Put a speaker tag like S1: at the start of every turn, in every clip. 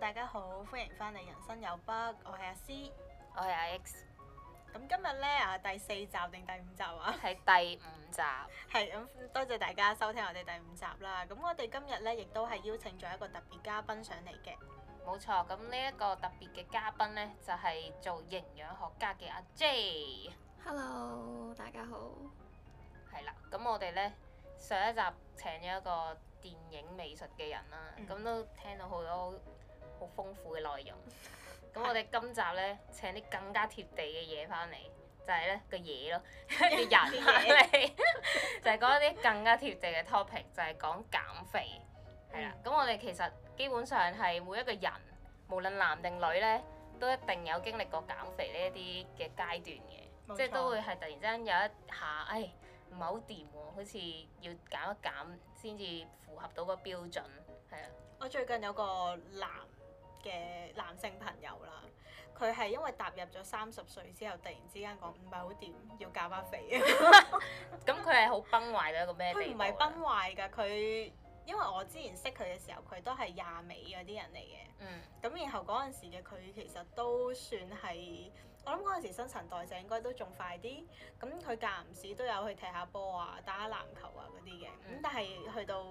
S1: 大家好，歡迎翻嚟《人生有 BUG》，我係阿 C，我係阿 X。咁今日咧啊，第四集定第五集啊？係第五集。係咁 集，多謝，謝大家收聽我哋第五集啦。咁我哋今日咧亦都係邀請咗一個特別嘉賓
S2: 上嚟嘅。冇錯，咁呢一個特別嘅嘉賓咧就係、是、做營養學家嘅阿 J。Hello，大家好。係啦，咁我哋咧上一集請咗一個電影美術嘅人啦，咁、嗯、都聽到好多。好豐富嘅內容，咁 我哋今集咧請啲更加貼地嘅嘢翻嚟，就係咧個嘢咯，要 人翻嚟， 就係講一啲更加貼地嘅 topic，就係講減肥係啦。咁、嗯啊、我哋其實基本上係每一個人，無論男定女咧，都一定有經歷過減肥呢一啲嘅階段嘅，錯即係都會係突然之間有一下，誒唔係好掂喎，好似要減一減先至符合到個標準，係啊。我最近有個
S1: 男嘅男性朋友啦，佢係因為踏入咗三十歲之後，突然之間講唔係好掂，要減下肥。咁佢係好崩壞嘅
S2: 一個咩？佢唔係崩
S1: 壞㗎，佢 因為我之前識佢嘅時候，佢都係廿尾嗰啲人嚟嘅。嗯。咁然後嗰陣時嘅佢其實都算係，我諗嗰陣時新陳代謝應該都仲快啲。咁佢間唔時都有去踢下波啊，打下籃球啊嗰啲嘅。咁、嗯、但係去到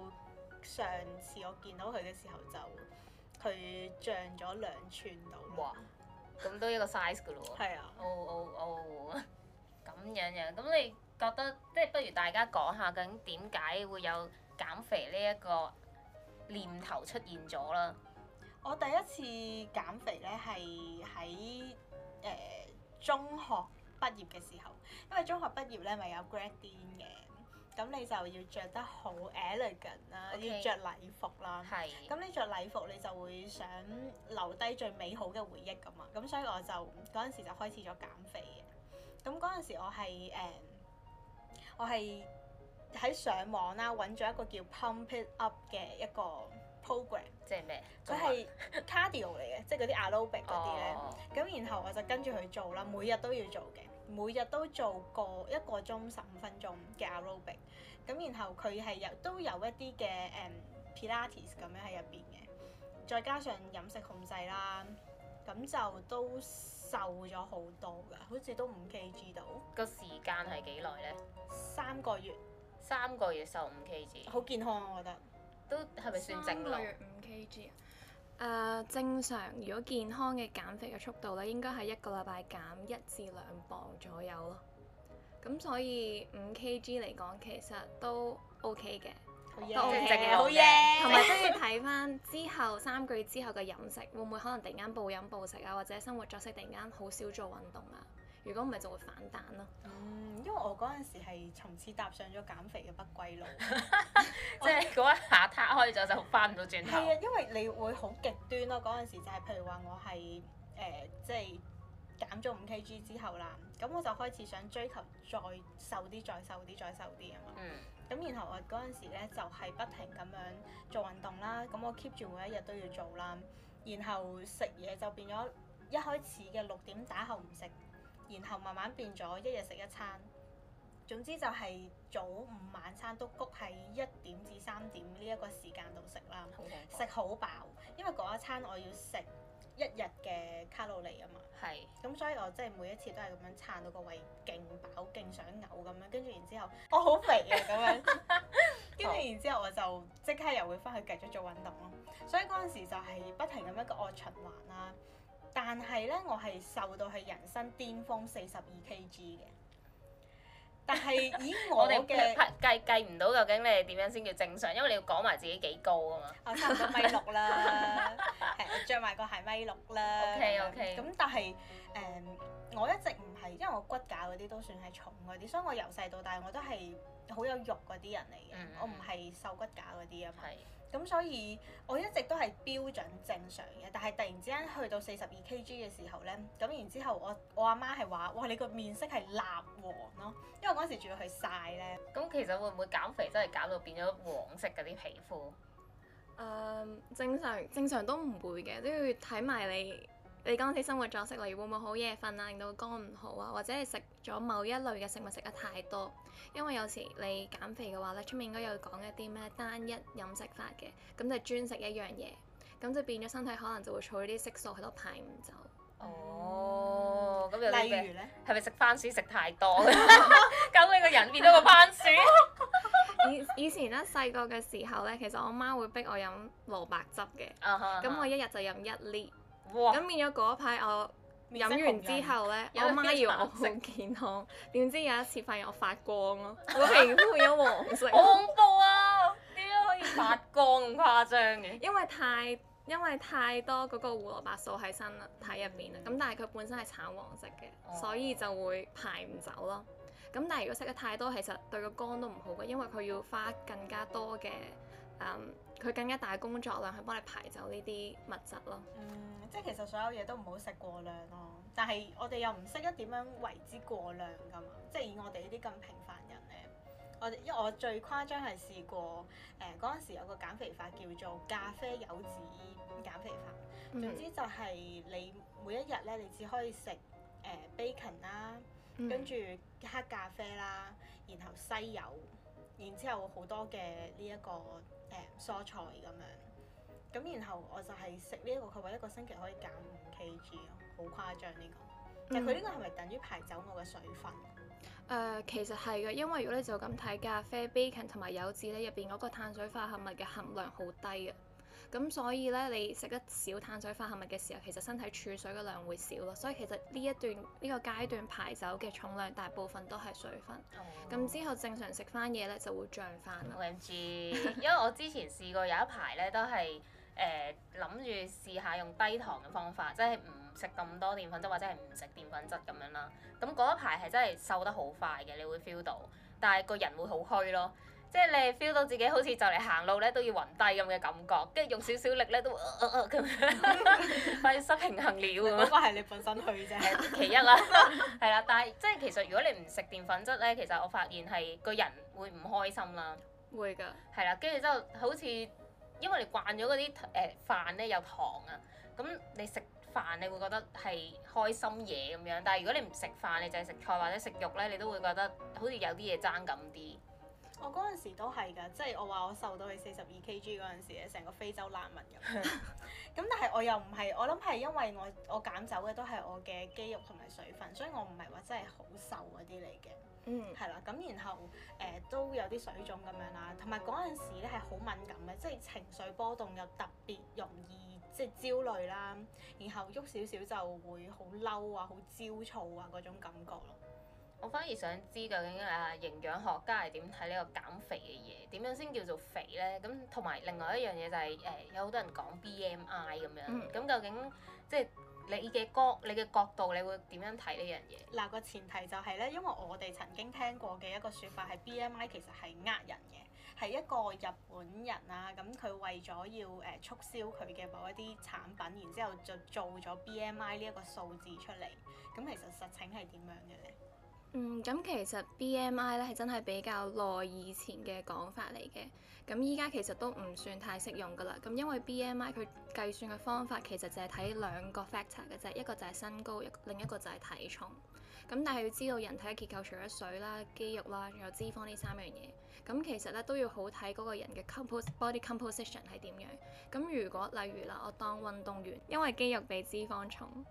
S1: 上次我見到佢嘅時候就。
S2: 佢漲咗兩寸到，嘩，咁都一個 size 嘅咯喎。係 啊，哦哦哦，咁樣樣。咁你覺得即係不如大家講下究竟點解會有減肥呢一個念頭出現咗啦？我第一次減肥咧係喺誒
S1: 中學畢業嘅時候，因為中學畢業咧咪、就是、有 grad din 嘅。咁你就要着得好 elegant 啦，要着禮服啦。係，咁你着禮服你就會想留低最美好嘅回憶咁啊，咁所以我就嗰陣時就開始咗減肥嘅。咁嗰陣時我係誒、uh, 我係喺上網啦，揾咗一個叫 Pump It Up 嘅一個 program 即。即係咩？佢係 cardio 嚟嘅，即係嗰啲 aerobic 嗰啲咧。咁然後我就跟住去做啦，每日都要做嘅。每日都做過一個鐘十五分鐘嘅 arabic，咁然後佢係有都有一啲嘅誒、um, pilates 咁樣喺入邊嘅，再加上飲食控制啦，咁就都瘦咗好多
S2: 㗎，好似都五 kg 到。個時間係幾耐咧？三個月，三個月瘦五 kg，好健康啊！我覺得
S3: 都係咪算正路？三個月五 kg。啊。誒、uh, 正常，如果健康嘅減肥嘅速度咧，應該係一個禮拜減一至兩磅左右咯。咁所以五 Kg 嚟講，其實都 OK 嘅，oh、yeah. 都 OK 嘅，好嘢。同埋都要睇翻之後 三個月之後嘅飲食，會唔會可能突然間暴飲暴食啊，或者生活作息突然間好少做運動啊？如果唔係，就會反彈咯。嗯，
S1: 因為我嗰陣時係從此踏上咗減肥嘅不歸路，
S2: 即係嗰一下塌開咗就翻唔到轉頭。係啊，
S1: 因為你會好極端咯。嗰陣時就係譬如話，我係誒即係減咗五 Kg 之後啦，咁我就開始想追求再瘦啲、再瘦啲、再瘦啲啊嘛。嗯。咁然後我嗰陣時咧就係不停咁樣做運動啦，咁我 keep 住每一日都要做啦，然後食嘢就變咗一開始嘅六點打後唔食。然後慢慢變咗一日食一餐，總之就係早午晚餐都谷喺一點至三點呢一個時間度食啦，食好飽，因為嗰一餐我要食一日嘅卡路里啊嘛，咁是所以我即係每一次都係咁樣撐到個胃勁飽勁想嘔咁樣，哦，樣，跟住 然之後我好肥啊咁樣，跟住然之後我就即刻又會返去繼續做運動咯，所以嗰陣時就係不停咁一個惡循環啦。但係咧，我係瘦到係人生巔峰四十二 K G 嘅。
S2: 但係以我哋嘅 計計唔到究竟你哋點樣先叫正常，因為你要講埋自己幾高啊嘛。 我差唔多
S1: 米六啦，係著埋個鞋米六啦。OK OK、嗯。咁但係誒、嗯，我一直唔係，因為我骨架嗰啲都算係重嗰啲，所以我由細到大我都係好有肉嗰啲人嚟嘅。Mm hmm. 我唔係瘦骨架嗰啲啊嘛。咁所以我一直都係標準正常嘅，但係突然之間去到四十二 kg 嘅時候呢，咁然之後我我阿媽係話：哇，你個面色係蠟黃咯，因為嗰陣時仲要去晒呢。咁其實會唔會減
S2: 肥真係減到變咗黃色嗰啲皮膚？
S3: 呃，正常正常都唔會嘅，都要睇埋你，你嗰陣時生活作息例如會唔會好夜瞓啊，令到肝唔好啊，或者你食咗某一類嘅食物食得太多，因為有時你減肥嘅話咧，出面應該有講一啲咩單一飲食法嘅，咁就專食一樣嘢，咁就變咗身體可能就會儲啲色素喺度排唔走。哦，咁例如咧？係咪食番薯食太多，搞 你個人變咗個番薯？以 以前咧細個嘅時候咧，其實我媽,媽會逼我飲蘿蔔汁嘅，咁、uh、huh, 我一日就飲一粒。咁哇變咗嗰排，我飲完之後咧，我媽以為我好健康，點知 有一次發現我發光咯， 我皮膚變咗黃色。好 恐怖啊！點解可以發光咁誇張嘅？因為太因為太多嗰個胡蘿蔔素喺身體入面啦，咁、嗯、但係佢本身係橙黃色嘅，嗯、所以就會排唔走咯。咁但係如果食得太多，其實對個肝都唔好嘅，因為佢要花更加多嘅。誒佢、um, 更加大工作量去幫你排走呢啲物質咯。嗯，
S1: 即係其實所有嘢都唔好食過量咯、啊。但係我哋又唔識一點樣為之過量㗎嘛。即係以我哋呢啲咁平凡人咧，我因為我最誇張係試過誒，嗰陣時有個減肥法叫做咖啡柚子減肥法。嗯、總之就係你每一日咧，你只可以食誒、呃、bacon 啦，跟住、嗯、黑咖啡啦，然後西柚。然之後好多嘅呢一個誒、嗯、蔬菜咁樣，咁然後我就係食呢一個，佢話一個星期可以減五 Kg，好誇張呢個。
S3: 但佢呢個係咪等於
S1: 排走我嘅水分？誒、嗯
S3: 呃，其實係嘅，因為如果你就咁睇咖啡、bacon 同埋柚子咧，入邊嗰個碳水化合物嘅含量好低啊。咁所以咧，你食得少碳水化合物嘅時候，其實身體儲水嘅量會少咯。所以其實呢一段呢，呢個階段排走嘅重量，大部分都係水分。哦。咁之後正常食翻嘢咧，就會漲翻啦。O M G，因為我之前試過有一排咧，都係誒諗
S2: 住試下用低糖嘅方法，即係唔食咁多澱粉質或者係唔食澱粉質咁樣啦。咁嗰一排係真係瘦得好快嘅，你會 feel 到，但係個人會好虛咯。即係你 feel 到自己好似就嚟行路咧都要暈低咁嘅感覺，跟住用少少力咧都會呃呃咁、呃、樣，反而失 平衡了喎。嗰個係你本身虛啫，其一啦，係啦。但係即係其實如果你唔食澱粉質咧，其實我發現係個人會唔開心啦。會㗎的。係啦，跟住之後好似因為你慣咗嗰啲誒飯咧有糖啊，咁你食飯你會覺得係開心嘢咁樣，但係如果你唔食飯，你就係食菜或者食肉咧，你都會覺得好似有啲嘢爭咁啲。我嗰陣
S1: 時都係㗎，即係我話我瘦到去四十二 K G 嗰陣時咧，成個非洲難民咁。咁 但係我又唔係，我諗係因為我我減走嘅都係我嘅肌肉同埋水分，所以我唔係話真係好瘦嗰啲嚟嘅。嗯，係啦。咁然後誒、呃、都有啲水腫咁樣啦，同埋嗰陣時咧係好敏感嘅，即係情緒波動又特別容易即係焦慮啦，然後喐少少就會好嬲啊，好焦躁啊嗰
S2: 種感覺咯。我反而想知究竟誒、啊、營養學家係點睇呢個減肥嘅嘢？點樣先叫做肥咧？咁同埋另外一樣嘢就係、是、誒、呃、有好多人講 BMI 咁樣，咁、嗯、究竟即係你嘅角你嘅角度，你會點樣睇呢樣嘢？
S1: 嗱個、呃、前提就係、是、咧，因為我哋曾經聽過嘅一個説法係 BMI 其實係呃人嘅，係一個日本人啦、啊，咁佢為咗要誒、呃、促銷佢嘅某一啲產品，然之後就做咗 BMI 呢一個數字出嚟。咁其實實情係點樣嘅咧？
S3: 嗯，咁其實 BMI 咧係真係比較耐以前嘅講法嚟嘅，咁依家其實都唔算太適用㗎啦。咁因為 BMI 佢計算嘅方法其實就係睇兩個 factor 嘅啫，一個就係身高，另一個就係體重。咁但係要知道人體嘅結構，除咗水啦、肌肉啦、仲有脂肪呢三樣嘢。咁其實咧都要好睇嗰個人嘅 comp body composition 係點樣。咁如果例如啦，我當運動員，因為肌肉比脂肪重。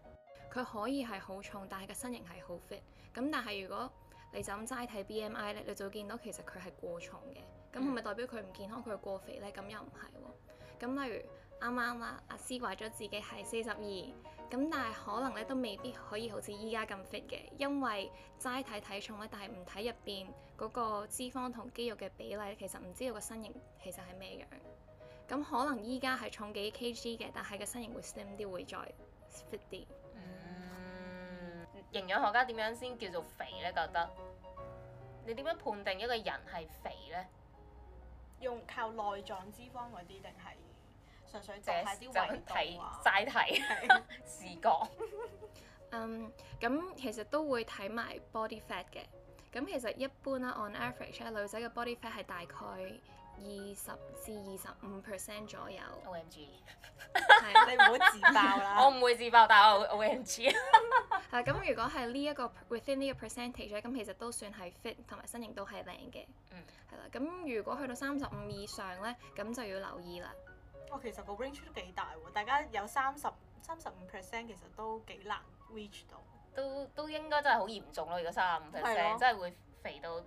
S3: 佢可以係好重，但係個身形係好 fit 咁。但係如果你就咁齋睇 BMI 咧，你就會見到其實佢係過重嘅。咁係咪代表佢唔健康，佢過肥咧？咁又唔係喎。咁例如啱啱啦，阿思話咗自己係四十二咁，但係可能咧都未必可以好似依家咁 fit 嘅，因為齋睇體重咧，但係唔睇入邊嗰個脂肪同肌肉嘅比例，其實唔知道個身形其實係咩樣。咁可能依家係重幾 kg 嘅，但係個身形會 slim 啲，會再 fit 啲。營養學家點
S2: 樣先叫做肥呢？覺得你點樣判定一個人係肥呢？
S1: 用靠內臟脂肪嗰啲定係
S3: 純粹就係啲圍度啊？齋睇視覺。嗯，咁其實都會睇埋 body fat 嘅。咁其實一般啦，on average，女仔嘅 body fat 係大概，二十至二十五 percent 左右，O M G，係你唔好自爆啦。 我唔會自爆，但我 O M G。係 咁、 啊，如果係呢一個 within 呢、呢個 percentage 咧，咁其實都算係 fit 同埋身形都係靚嘅。嗯。係啦，咁如果去到三十五以上咧，咁就要留意啦。哦，其實個 range 都幾大喎，大家
S1: 有三十、三十五 percent 其實都幾難 reach 到。
S3: 都都應該
S2: 真係好嚴重咯，如果三十五 percent 真係會肥到。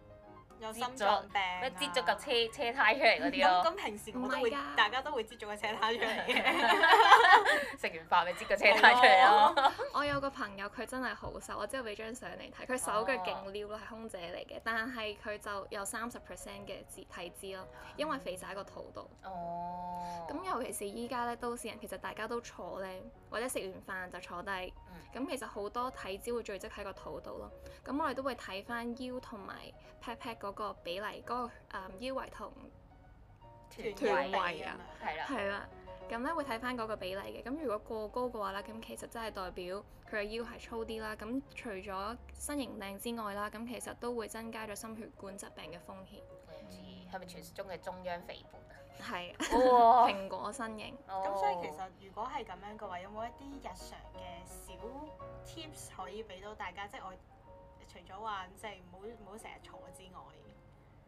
S2: 有心臟病、啊，咩？擠咗個車車胎出嚟嗰啲咯。咁平時我都會，大家都會擠咗個車胎出嚟嘅。食完飯咪擠個車
S3: 胎出嚟咯。哦。 我有個朋友佢真係好瘦，我之後俾張相嚟睇，佢手腳勁撩、咯，哦，係空姐嚟嘅，但係佢就有三十 percent 嘅脂體脂咯，因為肥曬喺個肚度。哦、嗯。咁尤其是依家咧，都市人其實大家都坐咧，或者食完飯就坐低。咁、嗯、其實好多體脂會聚積喺個肚度咯。咁我哋都會睇翻腰同埋 pat pat 嗰個比例，嗰、那個、嗯、腰圍同臀圍啊，係啦，係啦了，咁咧會睇翻嗰個比例嘅。咁如果過高嘅話咧，咁其實真係代表佢嘅腰係粗啲啦。咁除咗身形靚之外啦，咁其實都會增加咗心血管疾病嘅風險。唔知係咪傳説中嘅中央肥胖啊？係、啊，哇， 蘋果身形。咁、oh. 所以其實如果係咁樣嘅話，有冇一啲日常嘅小
S1: tips 可以俾到大家？即、就、係、是、我。除
S3: 咗話即係唔好唔好成日坐之外，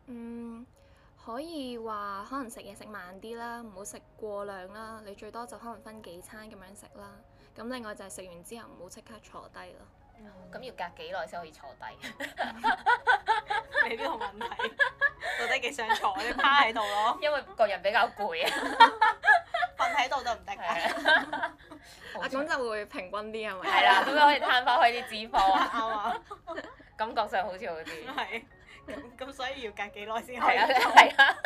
S3: 嗯，可以話可能食嘢食慢啲啦，唔好食過量啦。你最多就可能分幾餐咁樣食啦。咁另外就係食完之後唔好即刻坐低咯。咁要隔幾
S2: 耐先可以坐低，未必冇問題。到底幾想坐，你趴喺度咯。 因為個人比較攰啊，瞓喺度都唔
S3: 得嘅。咁就會平均啲係咪？係啦，咁樣可以攤
S2: 開啲脂肪啊嘛。
S1: 感覺上好似好啲。係、 嗯。咁咁所以要隔幾耐先可以坐？
S3: 係啦。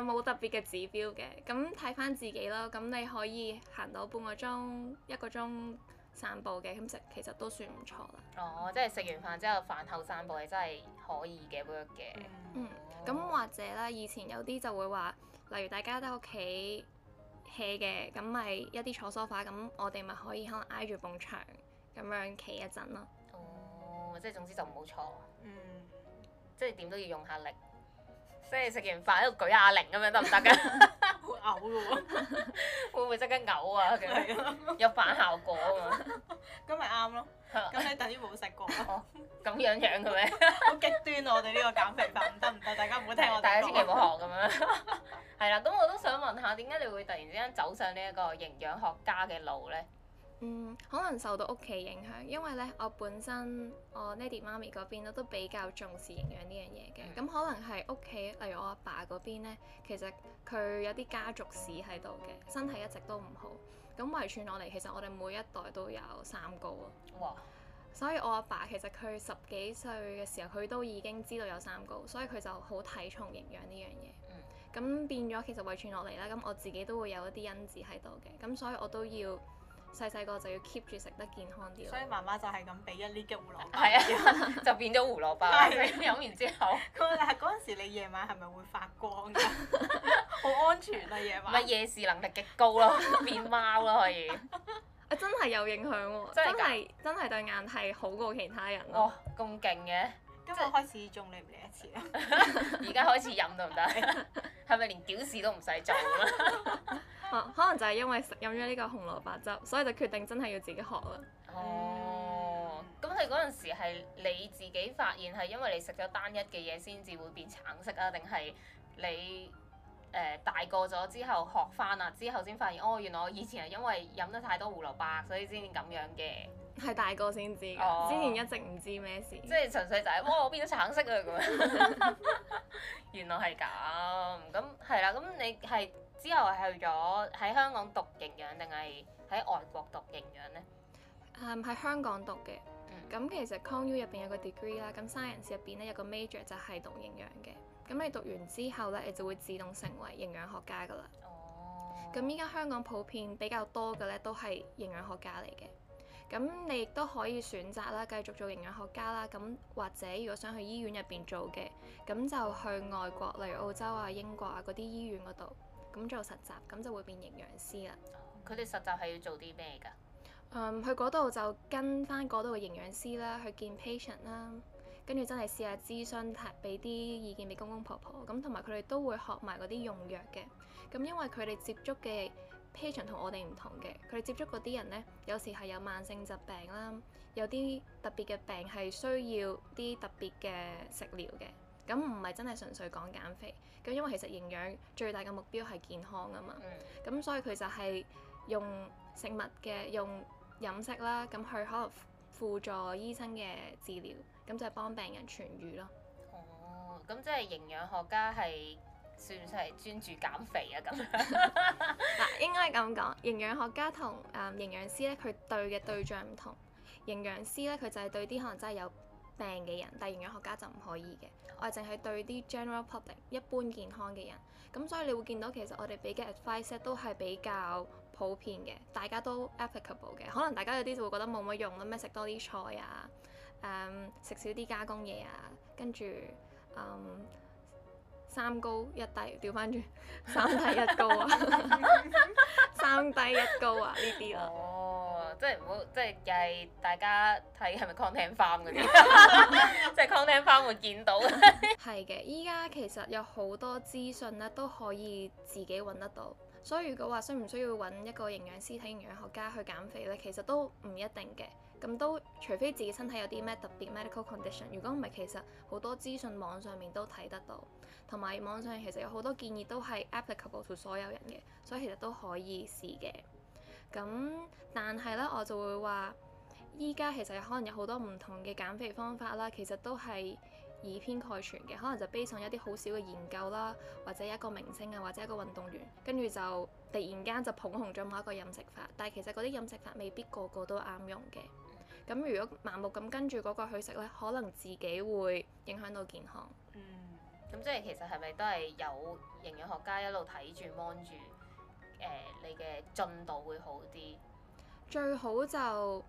S3: 冇、 呃、特別嘅指標嘅，咁睇翻自己咯。咁你可以行到半個鐘、一個鐘。散步嘅咁食其實都算唔錯啦。哦，即係食完飯
S2: 之後飯後散步係真係可以嘅 work 嘅。嗯，
S3: 咁、嗯嗯、或者咧以前有啲就會話，例如大家喺屋企 hea 嘅，咁咪一啲坐 sofa，咁我哋咪可以可能挨住埲牆咁樣企一陣咯。
S2: 哦，即係總之就唔好坐。嗯，即係點都要用下力。即係食完飯喺度舉下啞鈴咁樣得唔得㗎？會嘔嘅喎，會唔會即刻嘔啊？有反效果啊，咁咪啱咯。咁你等於冇食過。咁樣樣嘅咩？
S1: 好極端啊！我哋呢個減肥法唔得唔得，大家唔好聽我、啊。 大家千
S2: 祈唔好學咁樣、啊。係 啦， 咁我都想問下，點解你會突然之間走上呢一個營養學家嘅路咧？
S3: 嗯、可能受到屋企影響，因為咧，我本身我爹哋媽咪嗰邊咧都比較重視營養呢樣嘢嘅。咁、嗯、可能係屋企，例如我阿爸嗰邊咧，其實佢有啲家族史喺度嘅，身體一直都唔好。咁遺傳落嚟，其實我哋每一代都有三高啊。哇所以我阿爸，爸其實佢十幾歲嘅時候，佢都已經知道有三高，所以佢就好睇重營養呢樣嘢。咁、嗯、變咗，其實遺傳落嚟啦，咁我自己都會有一啲因子喺度嘅，咁所以我都要。細細個就要 keep 住食得健康啲，所以媽媽就係咁俾一啲胡蘿蔔，
S2: 就變咗胡蘿蔔，
S3: 飲完
S1: 之後，咁但係嗰陣時你夜晚係咪會發
S2: 光㗎？好安全啊夜晚！咪夜視能力極高咯，變貓咯可以。
S3: 啊真係有影響喎，真係真係對眼係好過其他人咯。咁勁嘅，今日開始仲嚟唔嚟一次啊？而家開始飲到唔
S2: 得？係咪連屌事都唔使做啦？
S3: 哦、可能就係因為食飲咗呢個紅蘿蔔汁，所以就決定真係要自己學啦。哦，
S2: 咁佢嗰陣時係你自己發現係因為你食咗單一嘅嘢先至會變橙色啊？定係你誒、呃、大個咗之後學翻啊之後先發現，哦，原來我以前係因為飲得太多胡蘿蔔，所以先至咁樣嘅。
S3: 係大個先知噶，哦、之前一直唔知咩事。即係
S2: 純粹就係、是，哇！我變咗橙色啊！ 原來係咁，咁係啦，咁你係。的的
S3: 之後係去咗喺香港讀營養，定係喺外國讀營養咧？誒，喺香港讀嘅。咁、嗯、其實 con u 入邊有個 degree 啦，咁 science 入邊咧有個 major 就係讀營養嘅。咁你讀完之後咧，你就會自動成為營養學家噶啦。哦。咁依家香港普遍比較多嘅咧，都係營養學家嚟嘅。咁你亦都可以選擇啦，繼續做營養學家啦。咁或者如果想去醫院入邊做嘅，咁就去外國，例如澳洲啊、英國啊嗰啲醫院嗰度。咁做實習，咁就會變營養師啦。佢哋實
S2: 習係要做啲咩噶？
S3: 去嗰度就跟返嗰度嘅營養師啦，去見 patient 啦，跟住真係試下諮詢，睇俾啲意見俾公公婆婆。咁同埋佢哋都會學埋嗰啲用藥嘅。咁因為佢哋接觸嘅 patient 同我哋唔同嘅，佢哋接觸嗰啲人呢，有時係有慢性疾病啦，有啲特別嘅病係需要啲特別嘅食療嘅。咁唔係真係純粹講減肥咁，因為其實營養最大嘅目標係健康啊嘛。咁、嗯、所以佢就係用食物嘅用飲食啦，咁去可能輔助醫生嘅治療，咁就係幫病人痊愈咯。
S2: 哦，咁即係營養學家係算唔算係專注減肥啊？咁嗱，
S3: 應該係咁講。營養學家同誒、嗯、營養師咧，佢對嘅對象唔同。營養師咧，佢就係對啲可能真係有病嘅人，但係營養學家就唔可以嘅。我淨係對啲 general public 一般健康嘅人，咁所以你會見到其實我哋俾嘅 advice 都係比較普遍嘅，大家都 applicable 嘅。可能大家有啲就會覺得冇乜用啦，咩食多啲菜啊，誒、嗯、食少啲加工嘢啊，跟住嗯。三高一低，調翻轉，三低一高啊！ 三低一高啊！呢啲啊，哦，即
S2: 係唔好，即係係大家睇係咪 content farm 嘅，即係 content farm 會見到
S3: 係嘅，依家其實有好多資訊咧，都可以自己揾得到，所以如果話需唔需要揾一個營養師、體營養學家去減肥呢，其實都唔一定嘅。咁都除非自己身體有啲咩特別 medical condition，如果唔係，其實好多資訊網上面都睇得到，同埋網上其實有好多建議都係 applicable to 所有人嘅，所以其實都可以試嘅。咁但係咧，我就會話依家其實可能有好多唔同嘅減肥方法啦，其實都係以偏概全嘅，可能就 base on 一啲好少嘅研究啦，或者一個明星啊，或者一個運動員，跟住就突然間就捧紅咗某一個飲食法，但係其實嗰啲飲食法未必個個都啱用嘅。咁如果盲目咁跟住嗰個去食咧，可能自己會影響到健康。
S2: 咁、嗯、即係其實係咪都係有營養學家一路睇住、望住、呃、你嘅進度會好啲？
S3: 最好就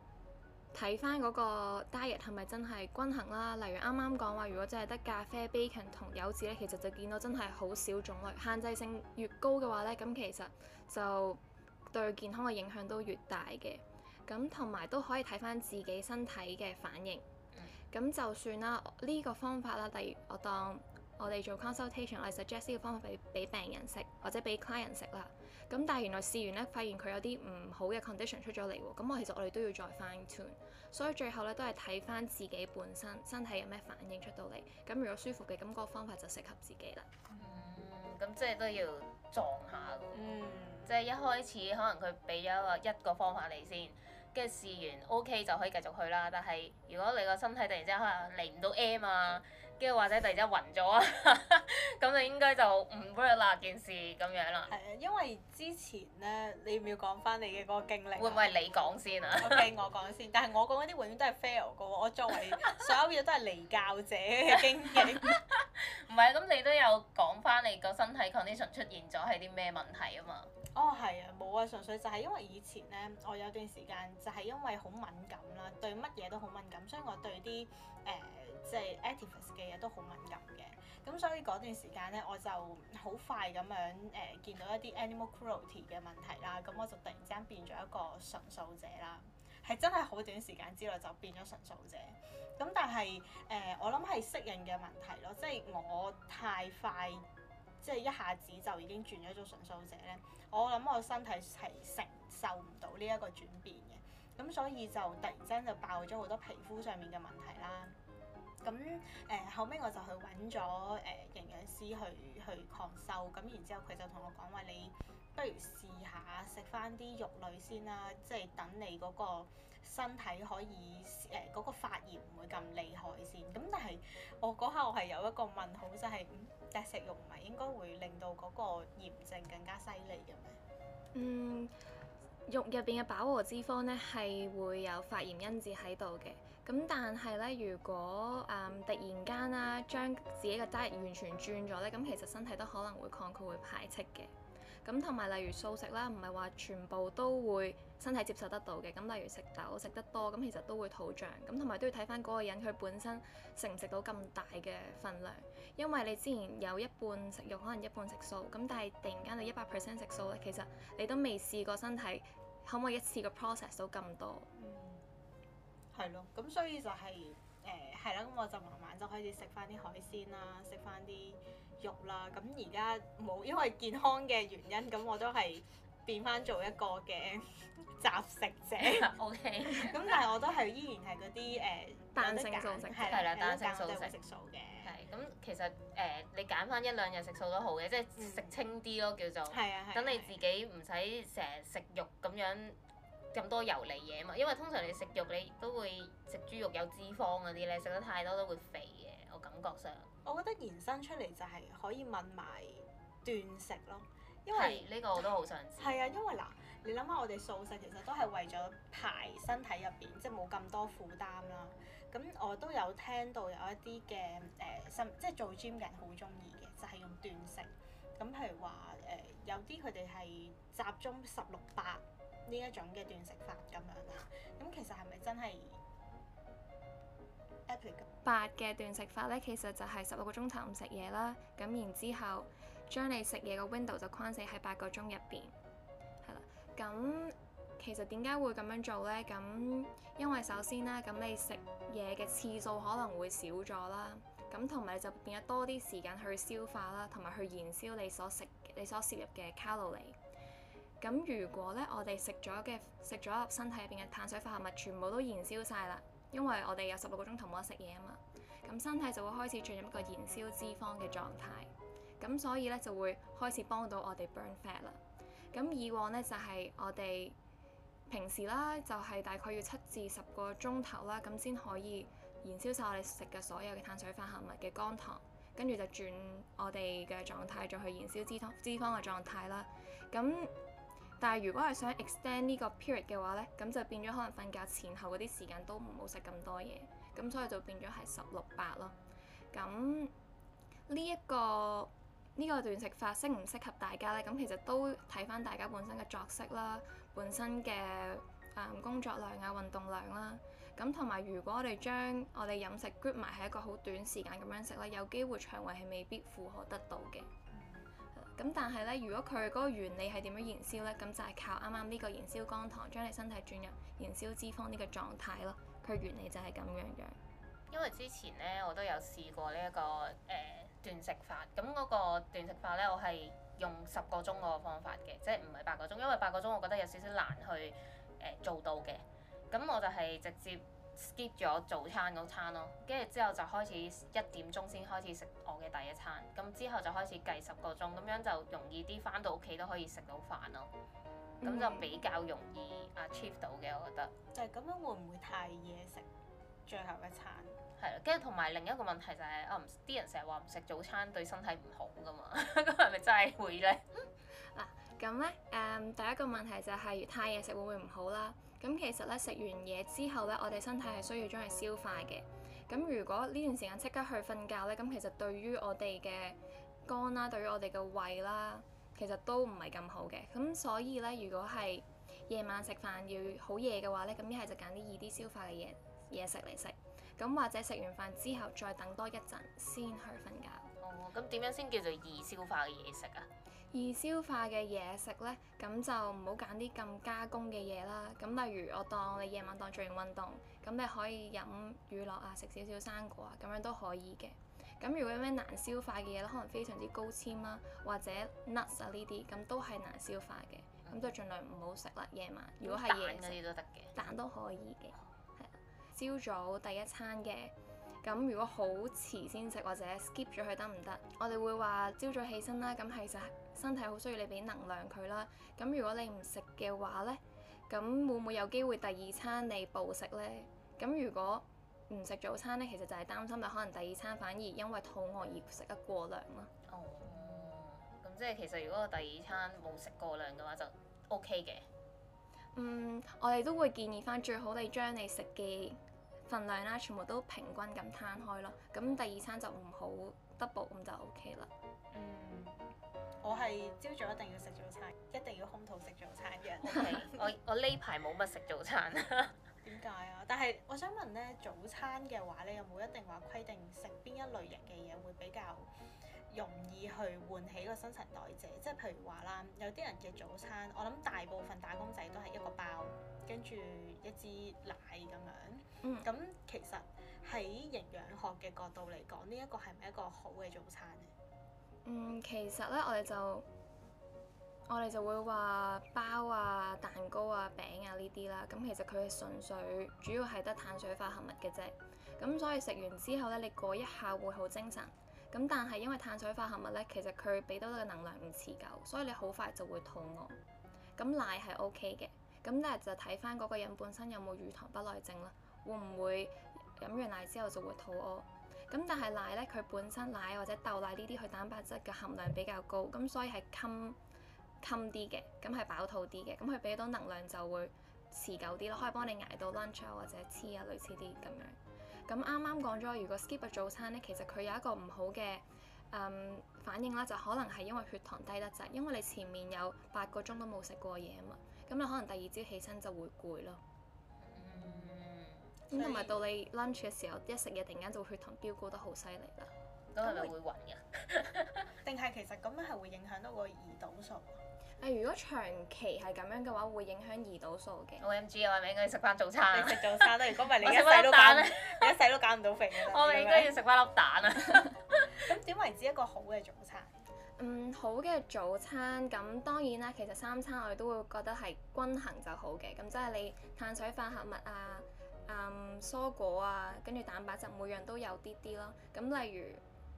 S3: 睇返嗰個 diet 係咪真係均衡啦。例如啱啱講話，如果真係得咖啡、bacon 同柚子，咧，其實就見到真係好少種類。限制性越高嘅話咧，咁其實就對健康嘅影響都越大嘅。咁同埋都可以睇翻自己身體嘅反應。咁、嗯、就算啦，呢、這個方法啦，例如我當我哋做 consultation，我哋 suggest 呢個方法俾俾病人食或者俾 client 食啦。咁但係原來試完咧，發現佢有啲唔好嘅 condition 出咗嚟喎。咁我其實我哋都要再 fine tune。所以最後咧都係睇翻自己本身身體有咩反應出到嚟。咁如果舒服嘅，咁嗰個方法就適合自己啦。嗯，咁即係都要撞下嘅。嗯，即係一開始可能佢俾咗
S2: 一個方法你先。跟住試完 OK 就可以繼續去啦。但係如果你個身體突然之間可能嚟唔到 M 啊，跟住或者突然之間暈咗啊，咁 你應該就唔 good 啦，件事咁樣啦。係啊，因為之前咧，你要唔要講翻你嘅
S1: 嗰個經歷啊？會唔會你講先啊？OK，我講先。但係我講嗰啲永遠都係 fail 嘅喎。我作為
S2: 所有嘢都係離教者嘅經驗。 唔係，咁你都有講翻你個身體 condition 出現咗係啲咩問題啊嘛？哦，係啊，冇啊，純粹就係因為以
S1: 前咧，我有段時間就係因為好敏感啦，對乜嘢都好敏感，所以我對啲誒、呃、即係 activist 嘅嘢都好敏感嘅。咁所以嗰段時間咧，我就好快咁樣誒見到一啲 animal cruelty 嘅問題啦。咁我就突然之間變咗一個純素者啦，係真係好短時間之內就變咗純素者。咁但係誒、呃，我諗係適應嘅問題咯，即係我太快。即係一下子就已經轉咗做純素者咧，我諗我身體係承受唔到呢一個轉變嘅，咁所以就突然間就爆咗好多皮膚上面嘅問題啦。咁誒、呃、後尾我就去揾咗誒營養師去去抗瘦，咁然之後佢就同我講話、哎，你不如試下食翻啲肉類先啦，即係等你嗰、嗰個。身體可以誒嗰、呃嗰個發炎唔會咁厲害先，咁但係我嗰刻我係有一個問號，就係、是、但係、嗯、食肉唔係應該會令到嗰個炎症更加犀利嘅
S3: 咩？肉入邊嘅飽和脂肪呢，係會有發炎因子喺度嘅，咁但係呢，如果、嗯、突然間啦、啊、將自己嘅 diet 完全轉咗呢，咁其實身體都可能會抗拒會排斥嘅。咁同埋例如素食啦，唔係話全部都會身體接受得到嘅。咁例如食豆食得多，咁其實都會肚脹。咁同埋都要睇翻嗰個人佢本身食唔食到咁大嘅份量，因為你之前有一半食肉，可能一半食素。咁但係突然間你一百 percent 食素咧，其實你都未試過身體可唔可以一次個 process 到咁多。嗯，係咯。
S1: 咁所以就係誒係啦。咁、呃、我就慢慢就開始食翻啲海鮮啦，食翻啲。肉啦，咁而家冇，因為健康嘅原因，咁我都係變翻做一個嘅
S2: 雜食者。O K。
S1: 咁但係我都係依然係嗰啲誒單性素食，係啦，對單性素食食
S2: 素嘅。係。咁其實誒、呃，你揀翻一兩日食素都好嘅，即係食清啲咯，嗯、叫做。等你自己唔使成日食肉咁樣咁多油膩嘢嘛，因為通常你食肉你都會食豬肉有脂肪嗰啲咧，你食得太多都會肥。感覺上，我覺得延伸出嚟就係可以問埋
S1: 斷食咯，
S2: 因為呢個我都好想知。
S1: 係啊，因為嗱，你諗下我哋素食其實都係為咗排身體入邊，即係冇咁多負擔啦。咁我都有聽到有一啲嘅誒，身即係做 gym 嘅人好中意嘅，就係用斷食。咁譬如話誒，有啲佢哋係集中十六八呢一種嘅斷食法咁樣啦。咁其實係咪真係？
S3: 八嘅斷食法咧，其實就係十六個鐘頭唔食嘢啦。咁然之後，將你食嘢嘅 window 就框死喺八個鐘入邊，係啦。咁其實點解會咁樣做咧？咁因為首先啦，咁你食嘢嘅次數可能會少咗啦，咁同埋就變咗多啲時間去消化啦，同埋去燃燒你所食你所攝入嘅卡路里。咁如果咧，我哋食咗嘅食咗入身體入邊嘅碳水化合物，全部都燃燒晒啦。因為我哋有十六個鐘頭冇得食嘢啊嘛，咁身體就會開始進入一個燃燒脂肪嘅狀態，咁所以咧就會開始幫到我哋 burn fat 啦。咁以往咧就係我哋平時啦，就係大概要七至十個鐘頭啦，咁先可以燃燒晒我哋食嘅所有嘅碳水化合物嘅肝糖，跟住就轉我哋嘅狀態再去燃燒脂肪脂肪嘅狀態啦。咁但係如果係想 extend 呢個 period 嘅話呢咁就變咗可能瞓覺前後嗰啲時間都唔好食咁多嘢，咁所以就變咗係十六八咯。咁呢一個呢、呢個斷食法適唔適合大家呢？咁其實都睇翻大家本身嘅作息啦，本身嘅、呃、工作量啊、運動量啦，咁同埋如果我哋將我哋飲食 group 埋係一個好短時間咁樣食呢，有機會腸胃係未必負荷得到嘅。咁但係咧，如果佢嗰個原理係點樣燃燒咧？咁就係靠啱啱呢個燃燒肝糖，將你身體轉入燃燒脂肪呢個狀態咯。佢原理就係咁樣嘅。
S2: 因為之前咧，我都有試過呢、這、一個誒、呃、斷食法。咁嗰個斷食法咧，我係用十個鐘嗰個方法嘅，即係唔係八個鐘？因為八個鐘我覺得有少少難去誒、呃、做到嘅。咁我就係直接 skip 咗早餐嗰餐咯，跟住之後就開始一點鐘先開始食我嘅第一餐，咁之後就開始計十個鐘，咁樣就容易啲返到屋企都可以食到飯咯，咁就比較容易 achieve 到嘅，我覺得。就係咁樣會唔會太夜食最後一餐？係啦，跟住同埋另一個問題就係啊，唔啲人成日話唔食早餐對身體唔好㗎嘛，咁係咪真係會咧？嗱，
S3: 咁咧誒，第一個問題就係太夜食會唔會唔好啦？咁其實咧，食完嘢之後咧，我哋身體係需要將佢消化嘅。咁如果呢段時間即刻去瞓覺咧，咁其實對於我哋嘅肝啦，對於我哋嘅胃啦，其實都唔係咁好嘅。咁所以咧，如果係夜晚食飯要好夜嘅話咧，咁一係就揀啲易啲消化嘅嘢嘢食嚟食。咁或者食完飯之後再等多一陣先去瞓覺。哦，
S2: 咁點樣先叫做易消化嘅嘢食啊？
S3: 易消化嘅嘢食呢，咁就唔好揀啲咁加工嘅嘢啦。咁例如我當你夜晚當做完運動，咁你可以飲乳酪啊，食少少生果啊，咁樣都可以嘅。咁如果咩難消化嘅嘢可能非常之高纖啦啊，或者 nuts 啊呢啲，咁都係難消化嘅，咁就盡量唔好食啦。夜晚如果係夜嗰都得嘅，蛋都可以嘅，朝早第一餐嘅，咁如果好遲先食或者 skip 咗佢得唔得？我哋會話朝早起身啦，咁其實。身體好需要你俾能量佢啦，咁如果你唔食嘅話呢，咁會唔會有機會第二餐你暴食呢？咁如果唔食早餐呢，其實就係擔心就可能第二餐反而因為肚餓而食得過量咯。
S2: 哦，咁即係其實如果我第二餐冇食過量嘅話就 OK
S3: 嘅。嗯，我哋都會建議翻最好你將你食嘅份量啦，全部都平均咁攤開咯，咁第二餐就唔好 double，咁就 OK 啦。嗯。
S1: 我係朝早一定要食早餐，一定要空肚食早餐嘅。我我呢排
S2: 冇乜食早餐啊。點解
S1: 啊？但係我想問呢，早餐嘅話呢，有冇一定話規定食邊一類型嘅嘢會比較容易去喚起個新陳代謝？即係譬如話啦，有啲人嘅早餐，我諗大部分打工仔都係一個包跟住一支奶咁樣。嗯。咁其實喺營養學嘅角度嚟講，呢一個係咪一個好嘅早餐咧？
S3: 嗯，其實咧，我哋就我哋就會話包啊、蛋糕啊、餅啊呢啲啦。咁其實佢係純粹主要係得碳水化合物嘅啫。咁所以食完之後咧，你過一下會好精神。咁但係因為碳水化合物咧，其實佢俾到你嘅能量唔持久，所以你好快就會肚餓。咁奶係 OK 嘅。咁但係就睇翻嗰個人本身有冇乳糖不耐症啦，會唔會飲完奶之後就會肚屙？咁但係奶咧，佢本身奶或者豆奶呢啲佢蛋白質嘅含量比較高，咁所以係襟襟啲嘅，咁係飽肚啲嘅，咁佢俾到能量就會持久啲咯，可以幫你捱到 lunch 啊或者 tea 啊類似啲咁樣。咁啱啱講咗，如果 skip 個早餐咧，其實佢有一個唔好嘅嗯反應啦，就可能係因為血糖低得滯，因為你前面有八個鐘都冇食過嘢啊嘛，咁你可能第二朝起身就會攰咯。咁同埋到你 lunch 嘅時候，一食嘢突然間就血糖飆高得好犀利啦，咁係咪會暈嘅？定 係其實咁樣係會影響到個胰島素？誒，如果長期係咁樣嘅話，會影響胰島素嘅。O M G！我係咪應該要食翻早餐？你食早餐啦！如果唔係，你一世都減， 你一世都減唔到肥
S1: 我哋應該要食
S2: 翻粒蛋啊！
S1: 咁 點為之一個好嘅早餐？
S3: 嗯，好嘅早餐咁當然啦，其實三餐我哋都會覺得係均衡就好嘅。咁即係你碳水化合物啊。嗯，蔬果啊，跟住蛋白質每樣都有啲啲咯。咁例如，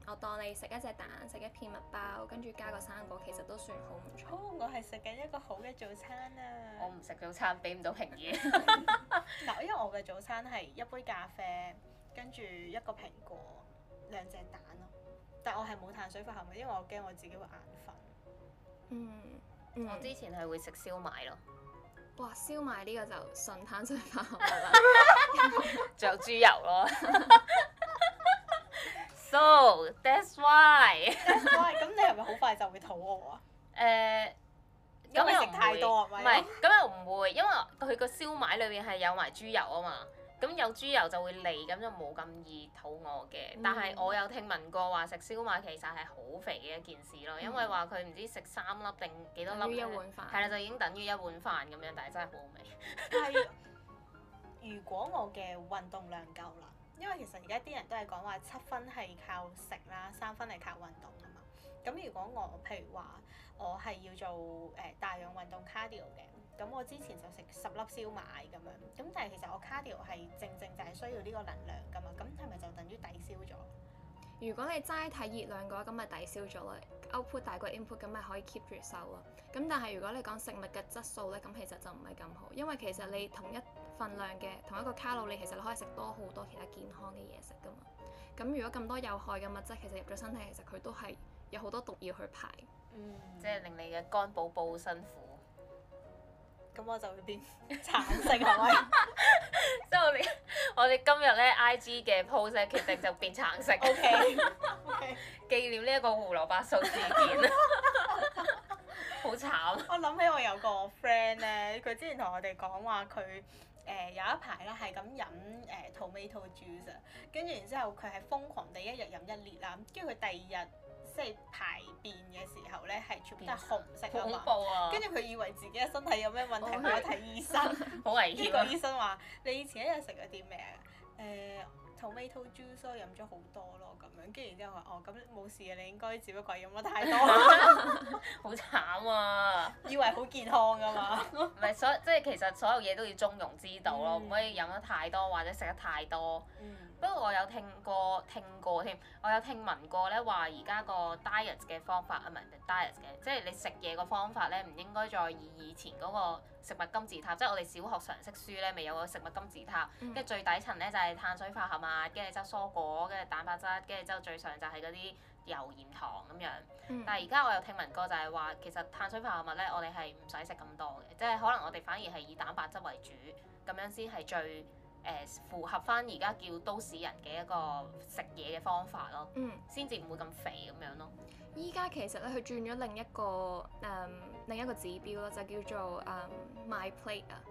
S3: 我當你食一隻蛋，食一片麥包，跟住加個生果，其實都算好唔錯。我係食緊一個好嘅早餐啊！我唔食早餐，俾
S2: 唔到平嘢。
S1: 嗱 因為我嘅早餐係一杯咖啡，跟住一個蘋果，兩隻蛋咯。但我係冇碳水化合物，因為我驚我自己會眼瞓。嗯，
S3: 嗯我之前係會食燒賣咯。哇！燒賣呢個就純碳水化合物啦，仲 有豬油咯。
S2: So that's why 咁 that 's
S3: 你係咪好快就
S2: 會肚餓啊？誒、呃，咁又唔係咁又唔會，因為佢個燒賣裏邊係有埋豬油啊嘛。咁有豬油就會膩，咁就冇咁易肚餓嘅。嗯、但係我有聽聞過話食燒賣其實係好肥嘅一件事咯，嗯、因為話佢唔知食三粒定幾多粒，一碗飯，係啦就已經等於一碗飯咁樣。但係真係好好味。但 係如果我嘅運動量夠啦，因為其實而家啲
S1: 人都係講話七分係靠食啦，三分係靠運動啊嘛。咁如果我譬如話我係要做誒、呃、大氧運動 cardio 嘅。咁、嗯、我之前就食十粒燒賣咁樣，咁但係其實我 cardio 係正正就係需要呢個能量噶嘛，咁係咪就
S3: 等於抵消咗？如果你齋睇熱量嘅話，咁咪抵消咗咯。Output 大過 input，咁咪可以 keep 住瘦咯。咁但係如果你講食物嘅質素咧，咁其實就唔係咁好，因為其實你同一份量嘅，同一個卡路里，其實你可以食多好多其他健康嘅嘢食噶嘛。咁如果咁多有害嘅物質，其實入咗身體，其實佢都係有好多毒要去排，嗯，即係令你嘅肝寶寶辛苦。咁我就會變橙色，可唔可以？
S2: 即係我哋，我哋今日咧 I G 嘅 pose 其實就變橙色。O K O K，紀念呢一個胡蘿蔔素事件，好慘。我諗起我有個 friend 咧，佢之前同我哋
S1: 講話，佢誒有一排啦，係咁飲 Tomato juice 啊，跟住然之後佢係瘋狂地一日飲一列啦，跟住佢第二日。即係排便嘅時候咧，係全部都係紅色啊嘛，跟住佢以為自己嘅身體有咩問題，啊、去睇醫生，好 危險、啊。個醫生話：你以前一日食咗啲咩啊？誒，tomato juice 飲咗好多咯，咁樣跟住然之後話：哦，咁冇事啊，你應該只不過飲咗太多。
S2: 好 慘啊！以為好健康㗎嘛，唔係 所即係其實所有嘢都要中庸之道咯，唔、嗯、可以飲得太多或者食得太多。不過我有聽過聽過添，我有聽聞過咧話而家個 diet 嘅方法啊唔係 diet 嘅，即係你食嘢個方法咧，唔應該再以以前嗰個食物金字塔，即係我哋小學常識書咧，咪有個食物金字塔，跟住、嗯、最底層咧就係、是、碳水化合物，跟住之後蔬果，跟住蛋白質，跟住之後最上就係嗰啲油鹽糖咁樣。嗯、但係而家我有聽聞過就係話，其實碳水化合物咧，我哋係唔使食咁多嘅，即係可能我哋反而係以蛋白質為主，咁樣先係最。符合翻而家叫都市人嘅一個食嘢嘅方法咯、嗯，嗯，先至唔會咁肥咁樣咯。
S3: 依家其實咧，佢轉咗另一個誒另一個指標咯，就叫做、嗯、My Plate 啊。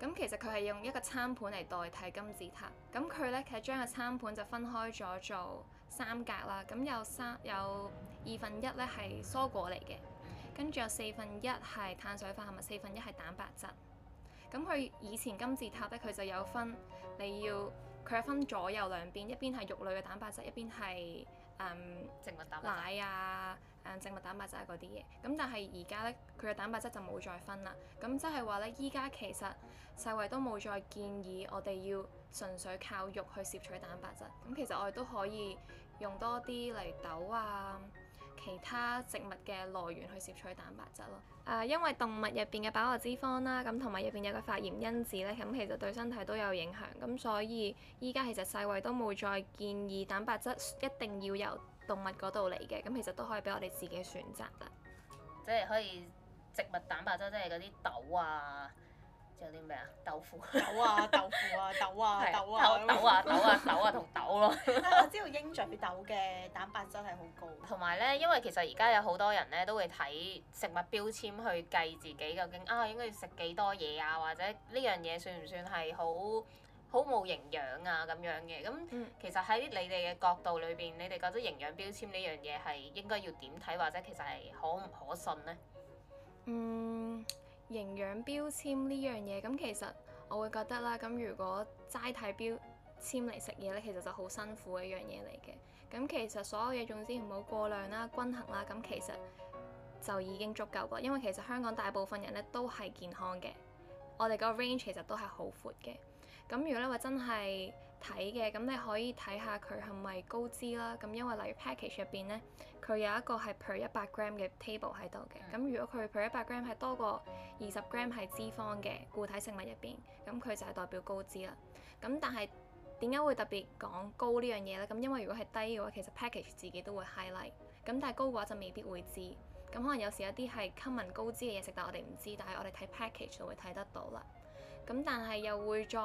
S3: 咁其實佢係用一個餐盤嚟代替金字塔。咁佢咧其實將個餐盤就分開咗做三格啦。咁有三有二分一咧係蔬果嚟嘅，嗯、跟住有四分一係碳水化合物，四分一係蛋白質。咁佢以前金字塔咧，佢就有分，你要佢有分左右兩邊，一邊係肉類嘅蛋白質，一邊係誒植物奶啊，誒、嗯、植物蛋白質嗰啲嘢。咁但係而家咧，佢嘅蛋白質、啊、就冇再分啦。咁即係話咧，依家其實世衞都冇再建議我哋要純粹靠肉去攝取蛋白質。咁其實我哋都可以用多啲嚟豆啊，其他植物嘅來源去攝取蛋白質咯。誒，因為動物入邊嘅飽和脂肪啦，咁同埋入邊有個發炎因子咧，咁其實對身體都有影響，咁所以依家其實世衛都冇再建議蛋白質一定要由動物嗰度嚟嘅，咁其實都可以俾我哋自己選擇啦。
S2: 即係可以植物蛋白質，即係嗰啲豆啊。仲有啲咩啊？ 啊？豆腐啊 豆腐啊，豆腐啊，豆啊，豆啊，豆 啊，豆啊，豆啊，同豆咯。我知道鷹嘴豆嘅
S1: 蛋白質係好高。
S2: 同埋咧，因為其實而家有好多人咧都會睇食物標籤去計自己究竟啊應該要食幾多嘢啊，或者呢樣嘢算唔算係好好冇營養啊咁樣嘅？咁其實喺你哋嘅角度裏邊，你哋覺得營養標籤呢樣嘢係應該要點睇，或者其實係可唔可信呢？嗯。
S3: 營養標籤呢樣嘢，咁其實我會覺得啦，咁如果齋睇標籤嚟食嘢呢，其實就好辛苦嘅一樣嘢嚟嘅。咁其實所有嘢總之唔好過量啦，均衡啦，咁其實就已經足夠啦。因為其實香港大部分人呢都係健康嘅，我哋個 range 其實都係好闊嘅。咁如果你話真係睇嘅，咁你可以睇下佢係咪高脂啦。咁因為例如 package 入邊呢。佢有一個係 per 一百 gram 嘅 table 喺度嘅，咁如果佢 per 一百 gram 係多過二十 gram 係脂肪嘅固體食物入邊，咁佢就係代表高脂啦。咁但係點解會特別講高呢樣嘢呢？咁因為如果係低嘅話，其實 package 自己都會 highlight。咁但係高嘅話就未必會知，咁可能有時一啲係 common 高脂嘅嘢食，但係我哋唔知，但係我哋睇 package 就會睇得到啦。咁但係又會再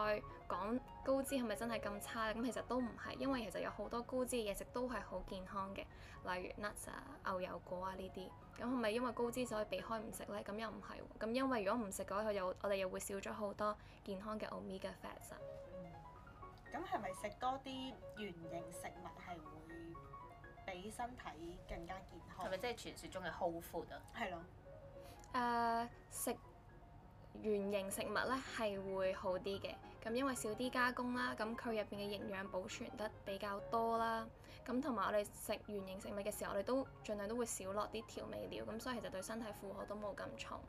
S3: 講高脂係咪真係咁差咧？咁其實都唔係，因為其實有好多高脂嘅嘢食都係好健康嘅，例如 nuts 啊、牛油果啊呢啲。咁係咪因為高脂所以避開唔食呢？咁又唔係喎。咁因為如果唔食嘅話，佢又我哋又會少咗好多健康嘅 omega fats。咁
S1: 係咪食多啲圓形食物係會比身體更加健康？係咪即係傳説中嘅 whole food 啊？係咯。
S3: 誒食。圓形食物咧係會好啲嘅，咁因為少啲加工啦，咁佢入邊嘅營養保存得比較多啦，咁同埋我哋食圓形食物嘅時候，我哋都盡量都會少落啲調味料，咁所以其實對身體負荷都冇咁重。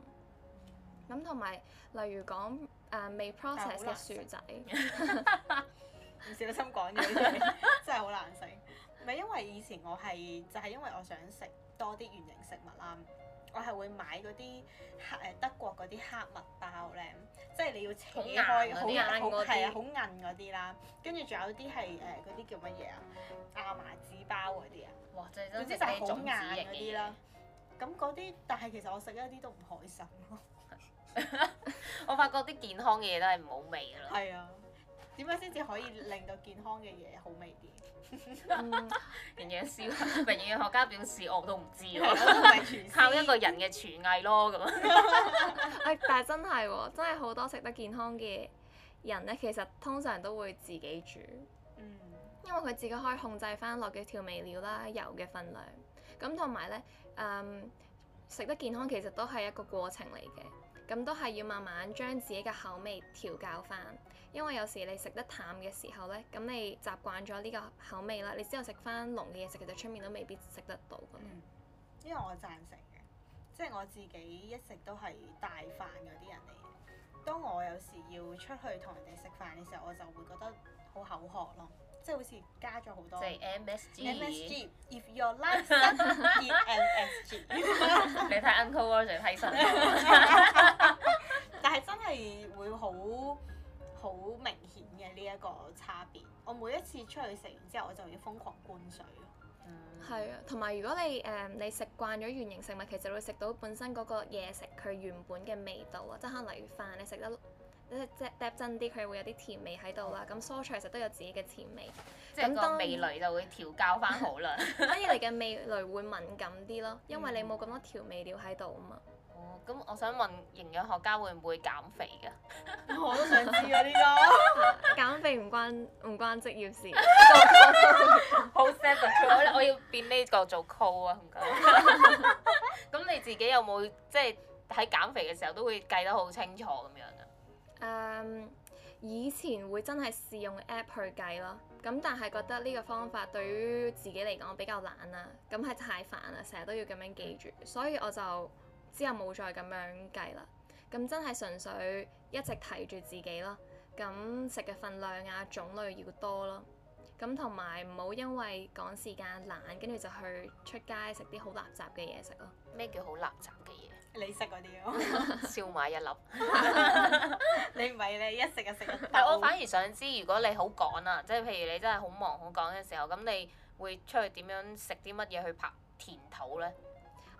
S3: 咁同埋例如講誒、啊、未 process 嘅薯仔，唔
S1: 小心講咗啲， 真係好難食。唔係因為以前我係就係、是、因為我想食多啲圓形食物啦。我係會買嗰啲誒德國嗰啲黑麥包咧，即係你要扯開，好硬嗰啲係啊，好很硬嗰啲啦。跟住仲有啲係誒嗰啲叫乜嘢啊？亞麻籽包嗰啲啊，總之就係好硬嗰啲啦。咁嗰啲，但係其實我食一啲都唔開心咯。 我發覺啲健康
S2: 嘅嘢都係唔好味噶咯。係啊。點樣先至可以令到健康嘅嘢好味啲？營養師、名營養學家表示：
S3: 我都唔知咯， 靠一個人嘅
S2: 廚藝咯咁。
S3: 誒 但係真係喎，哦，真係好多食得健康嘅人呢，其實通常都會自己煮。嗯、因為佢自己可以控制翻落嘅調味料啦、油嘅分量，咁同埋呢，食、嗯、得健康其實都係一個過程嚟嘅，咁都係要慢慢將自己嘅口味調教翻。因為有時你食得淡嘅時候呢，咁你習慣咗呢個口味啦，你之後食翻濃嘅嘢食，其實出面都未必食得到嘅、嗯。因為我贊成
S1: 嘅，即係我自己一直都係大飯嗰啲人嚟
S3: 嘅。當我有
S1: 時要出去同人哋食飯嘅時候，我就會覺得好口渴咯，即係好似加咗
S2: 好多。即係 MSG。MSG。
S1: If your life doesn't eat MSG，
S2: 你睇 Uncle Roger 睇神。 但係真係會
S1: 好。好明顯嘅呢一個差別，我每一次出去食完之後，我就要瘋狂灌水。
S3: 係啊、嗯，同埋如果你誒、呃、你食慣咗原形食物，其實會食到本身嗰個嘢食佢原本嘅味道啊，即係例如飯，你食得即係即係嗒真啲，佢會有啲甜味喺度啦。咁、嗯、蔬菜其實都有自己嘅甜味，
S2: 咁係是當味蕾
S3: 就會調校返好啦。反而 你嘅味蕾會敏感啲咯，因為你冇咁多調味料喺度啊嘛。咁、嗯、我想問營養學家會唔會減肥噶、 嗯？我都想知啊，呢、這個減 肥唔關唔關職業事，好，我我要
S2: 變呢個做 call 啊！唔該！咁 你自己有冇即係喺減肥嘅時候都會計得好清楚咁樣噶
S3: ？Um, 以前會真係試用 app 去計咯，咁但係覺得呢個方法對於自己嚟講比較懶啦、啊，咁係太煩啦，成日都要咁樣記住，所以我就。之後冇再咁樣計啦，咁真係純粹一直提住自己咯。咁食嘅分量啊，種類要多咯。咁同埋唔好因為趕時間懶，跟住就去出街食啲好垃圾嘅嘢食咯。咩叫好垃圾嘅嘢？你食嗰啲咯，燒賣 一粒。 你唔
S2: 係你一食就食一。 但我反而想知，如果你好趕啊，即係譬如你真係好忙好趕嘅時候，咁你會出去點樣食啲乜嘢去拍填肚呢？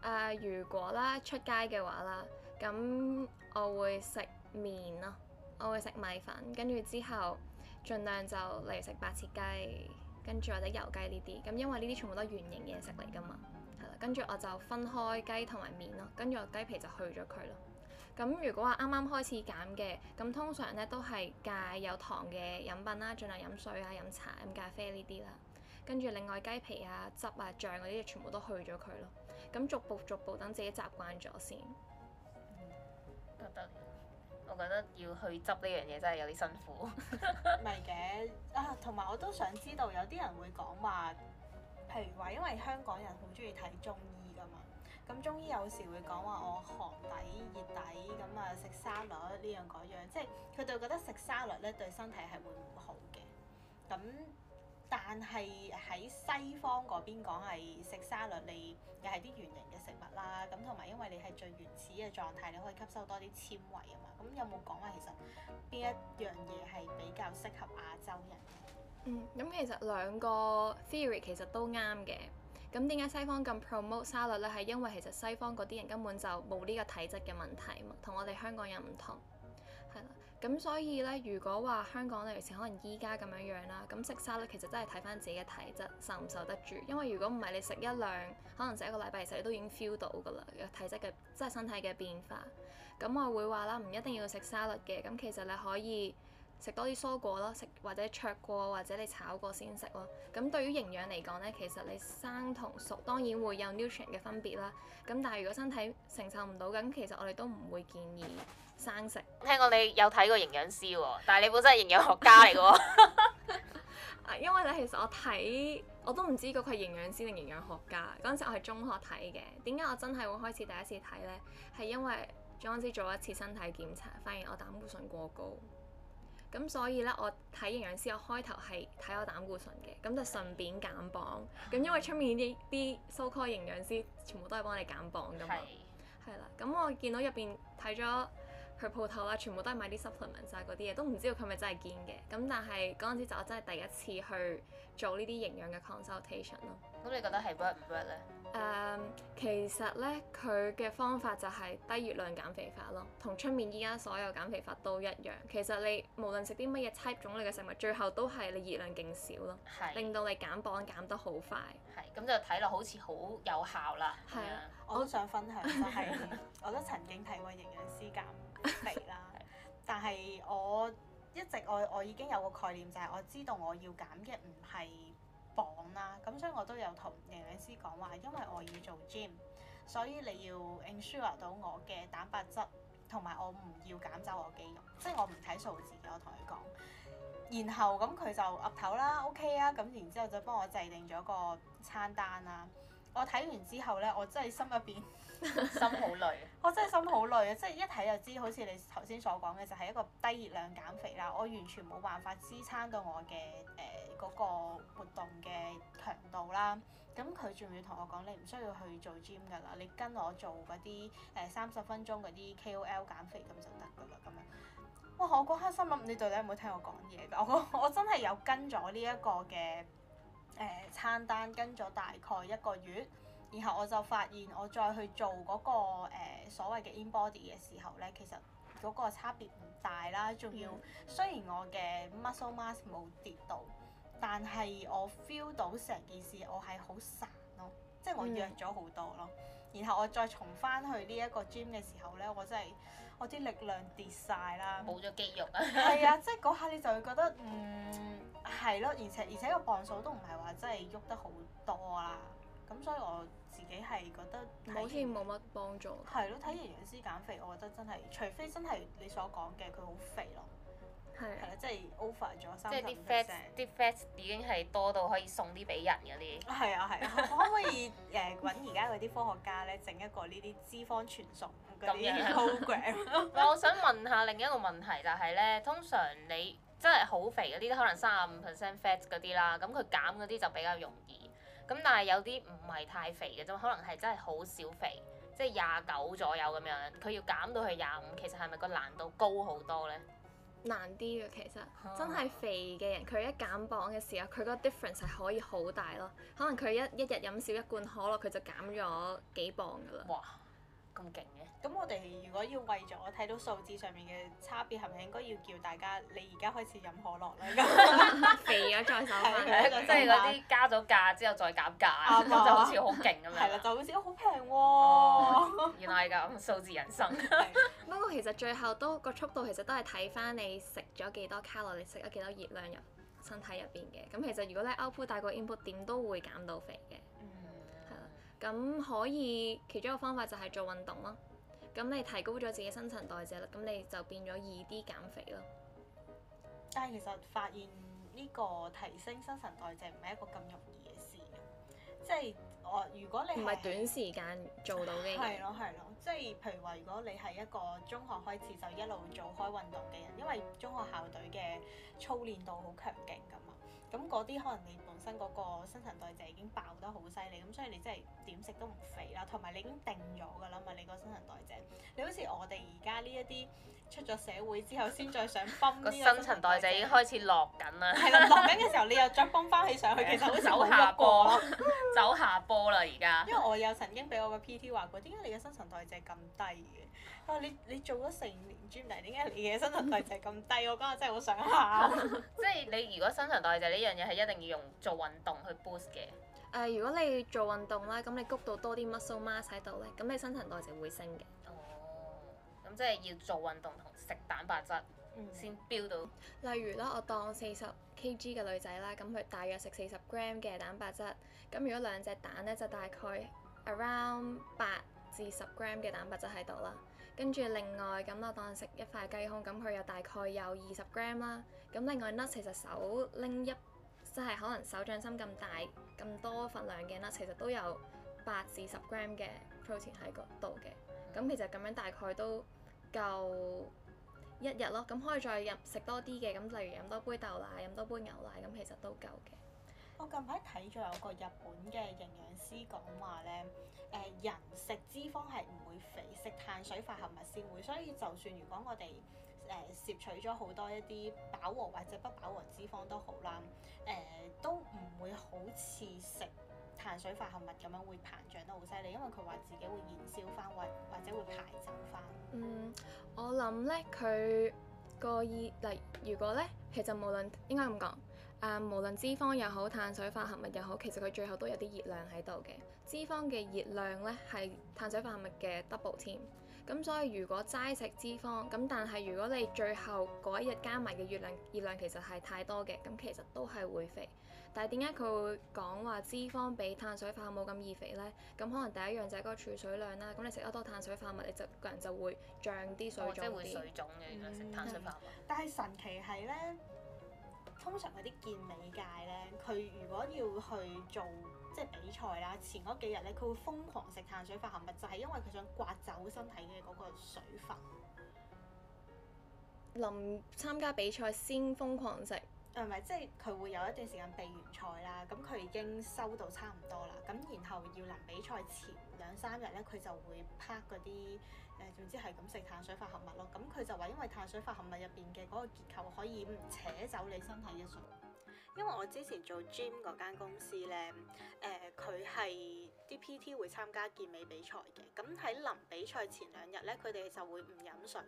S3: 誒、呃，如果啦出街嘅話啦，咁我會食麵咯，我會食米粉，跟住之後盡量就嚟食白切雞，跟住或者油雞呢啲咁，因為呢啲全部都係圓形嘢食嚟噶嘛，係啦，跟住我就分開雞同埋麵咯，跟住我雞皮就去咗佢咯。咁如果話啱啱開始減嘅，咁通常咧都係戒有糖嘅飲品啦，盡量飲水啊、飲茶、飲咖啡呢啲啦，跟住另外雞皮啊、汁啊、醬嗰、啊、啲全部都去咗佢咯。咁逐步逐步等自己習慣咗先，
S2: 得得、嗯，我覺得要去執呢樣嘢真係有啲辛苦，唔係嘅啊，同埋我都想知道有啲人會
S1: 講話，譬如話因為香港人好中意睇中醫㗎嘛，咁中醫有時會講話我寒底熱底，咁啊食沙律呢樣嗰樣，即係佢哋覺得食沙律咧對身體係會唔好嘅，咁。但係喺西方嗰邊講係食沙律，你又係啲圓形嘅食物啦，咁同埋因為你係最原始嘅狀態，你可以吸收多啲纖維啊嘛。咁有冇講話其實邊一樣嘢係比較適合亞洲人？嗯，
S3: 咁其實兩個 theory 其實都啱嘅。咁點解西方咁 promote 沙律呢？係因為其實西方嗰啲人根本就冇呢個體質嘅問題，同我哋香港人唔同。咁所以咧，如果話香港例如似可能依家咁樣樣啦，咁食沙律其實真係睇翻自己嘅體質受唔受得住。因為如果唔係你食一兩，可能食一個禮拜其實你都已經 feel 到㗎啦，體質嘅即係身體嘅變化。咁我會話啦，唔一定要食沙律嘅。咁其實你可以食多啲蔬果咯，食或者焯過或者你炒過先食咯。咁對於營養嚟講咧，其實你生同熟當然會有 nutrition 嘅分別啦。咁但係如果身體承受唔到，咁其實我哋都唔會建議生食。聽講
S2: 你有睇過營養師喎，但係你本身係營養學家嚟嘅
S3: 喎。 因為咧，其實我睇我都唔知嗰個係營養師定營養學家。嗰陣時我係中學睇嘅。點解我真係會開始第一次睇呢？係因為總之做一次身體檢查，發現我膽固醇過高。咁所以呢，我睇營養師，我開頭係睇我膽固醇嘅，咁就順便減磅。咁因為出面啲啲 so called 營養師，全部都係幫你減磅㗎嘛。係是。係啦，咁我見到入邊睇咗。佢鋪頭啦，全部都係買啲 supplement 晒嗰啲嘢，都唔知道佢咪真係堅嘅。咁但係嗰陣時就我真係第一次去做呢啲營養嘅 consultation 咯。咁你覺得係 work
S2: 唔 work
S3: 咧？誒，其實咧佢嘅方法就係低熱量減肥法咯，同出面依家所有減肥法都一樣。其實你無論食啲乜嘢 type 種類嘅食物，最後都係你熱量勁少咯，是令到你減磅減得好快。係，咁就睇落好似好有效啦。係啊，我都想分
S1: 享就係、是、 我都曾經睇過營養師減。未啦， 但係我一直我我已經有個概念就係、是、我知道我要減嘅唔係磅啦，咁所以我都有同營養師講話，因為我要做 gym，所以你要 ensure 到我嘅蛋白質，同埋我唔要減走我肌肉，即、就、係、是、我唔睇數字嘅，我同佢講。然後咁佢就噏頭啦，OK 啊，咁然之後就幫我制定咗個餐單啦。我睇完之後咧，我真係心入邊心好累。 我真係心好累啊！ 即係一睇就知，好似你頭先所講嘅，就係一個低熱量減肥啦。我完全冇辦法支撐到我嘅誒嗰個活動嘅強度啦。咁佢仲要同我講，你唔需要去做 gym 噶啦，你跟我做嗰啲誒三十分鐘嗰啲 KOL 減肥咁就得噶啦咁樣。哇！我嗰刻心諗，你到底有冇聽我講嘢？我我真係有跟咗呢一個嘅。誒、呃、餐單跟咗大概一個月，然後我就發現我再去做嗰、那個、呃、所謂嘅 in body 嘅時候咧，其實嗰個差別唔大啦，仲要、嗯、雖然我嘅 muscle mass 冇跌到，但係我 feel 到成件事我係好孱咯，即係我弱咗好多咯。嗯、然後我再重翻去呢一個 gym 嘅時候咧，我真係我啲力量跌晒啦，冇咗肌肉 啊，係啊，即係嗰下你就會覺得嗯。係咯，而且而且個磅數都唔係話真係喐得好多啦，咁、嗯、所以我自己係覺得好似冇乜幫助了。係咯，睇營養師減肥，我覺得真係除非真係你所講嘅佢好肥咯，係係啦，即係 over 咗三十 percent
S2: 啲 fat 已經係多到可以送啲俾人嗰啲。係啊係啊，可唔可以誒揾而家嗰啲科學家咧整一個呢啲脂肪傳送。嗰啲 program？ 我想問下另一個問題就係、是、咧，通常你。真係好肥嗰啲，可能三十五 percent fat 嗰啲啦。咁佢減嗰啲就比較容易。咁但係有啲唔係太肥嘅啫，可能係真係好少肥，即係廿九左右咁樣。佢要減到去廿五，其實係咪個難度高好多呢？
S3: 難啲嘅其實、嗯、真係肥嘅人，佢一減磅嘅時候，佢個 difference 係可以好大咯。可能佢一一日飲少一罐可樂，佢就減咗幾磅噶啦。哇咁
S1: 勁嘅，咁我哋如果要為咗睇到數字上面嘅差別，係咪應該要叫
S2: 大家你而家開始飲可樂啦？肥啊，再瘦，即係嗰啲加咗價之後再減價，咁吧就好似好勁咁樣，係啦， 就好似
S3: 好平喎。
S2: 原嚟係咁數字人生。
S3: 不 過 其實最後都、個速度其實都係睇翻你食咗幾多卡路里，你食咗幾多熱量入身體入邊嘅。咁其實如果咧 output 大過 input，點都會減到肥嘅。咁可以，其中一個方法就係做運動咯。咁你提高咗自己新陳代謝啦，咁你就變咗易啲減肥咯。
S1: 但係其實發現呢個提升新陳代謝唔係一個咁容易嘅事，即係我如果你唔係短
S3: 時間做到嘅人？
S1: 係咯係咯，即係譬如話如果你係一個中學開始就一路做開運動嘅人，因為中學校隊嘅操練度好強勁噶嘛。咁嗰啲可能你本身嗰個新陳代謝已經爆得好犀利，咁所以你真係點食都唔肥啦，同埋你已經定咗㗎啦嘛，你個新陳代謝，你好似我哋而家呢一啲。出咗社會之後，先再想泵個新陳代謝已經開始落緊啦。 係啦，落緊嘅時候，你又再泵翻起上去，其實會走下坡，走下坡啦而家。因為我有曾經俾我個 PT 話過，點解你嘅新
S2: 陳代謝咁低嘅？我、
S1: 啊、你你做咗成年 gym，但係點解你嘅新陳
S2: 代謝咁低？我講我真係好想喊。即係你如果新陳代謝呢樣嘢係一定要用做運動去 boost 嘅。
S3: 誒，uh，如果你做運動咧，咁你谷到多啲 muscle mass 喺度咧，咁你新陳代謝會升嘅。
S2: 即係要做運動同食蛋白質
S3: 先 build 到。例如啦，我當四十 kg 嘅女仔啦，咁佢大約食四十 gram 嘅蛋白質。咁如果兩隻蛋呢，就大概 around 八至十 gram 嘅蛋白質喺度啦。跟住另外，咁我當食一塊雞胸，咁佢又大概有二十 gram 啦。咁另外 nuts 其實手拎一即係、就是、可能手掌心咁大咁多份量嘅 nuts 其實都有八至十 gram 嘅 protein 喺度嘅。咁、嗯、其實咁樣大概都夠一日咯，咁可以再飲食多啲嘅，咁例如飲多杯豆奶，飲多杯牛奶，咁其實都夠嘅。我
S1: 近排睇咗有個日本嘅營養師講話咧、呃，人食脂肪係唔會肥，食碳水化合物先會，所以就算如果我哋誒、呃、攝取咗好多一啲飽和或者不飽和脂肪都好啦、呃，都唔會好似食碳
S3: 水化合物咁樣會膨脹得好犀利，因為佢話自己會燃燒翻，或或者會排走翻。嗯，我諗咧，佢個熱力，如果咧，其實無論應該咁講，誒、啊、無論脂肪又好，碳水化合物又好，其實佢最後都有啲熱量喺度嘅。脂肪嘅熱量咧係碳水化合物嘅 double 添。咁所以如果齋食脂肪，咁但係如果你最後嗰一日加埋嘅熱量，熱量其實係太多嘅，咁其實都係會肥。但係點解佢會講話脂肪比碳水化合物冇咁易肥呢？咁可能第一樣就係嗰個儲水量啦。咁你食得多碳水化合物，你就個人就會脹啲水腫啲。哦，即、就、係、是、會水腫嘅，
S2: 食碳水
S3: 化合物、嗯、但係
S1: 神奇係呢，通常嗰啲健美界呢，佢如果要去做即係比賽啦，前嗰幾日呢，佢會瘋狂食碳水化合物，就係、是、因為佢想刮走身體嘅嗰個水分。
S3: 臨參加比賽先瘋狂食。
S1: 誒唔、嗯、即係佢會有一段時間
S3: 備完賽啦，咁佢已
S1: 經收到差唔多啦，咁然後要臨比賽前兩三日咧，佢就會拋嗰啲誒，總之係咁食碳水化合物咯。咁佢就話因為碳水化合物入邊嘅嗰個結構可以扯走你身體嘅水。因為我之前做 gym 嗰間公司咧，誒佢係啲 PT 會參加健美比賽嘅，咁喺臨比賽前兩日咧，佢哋就會唔飲水。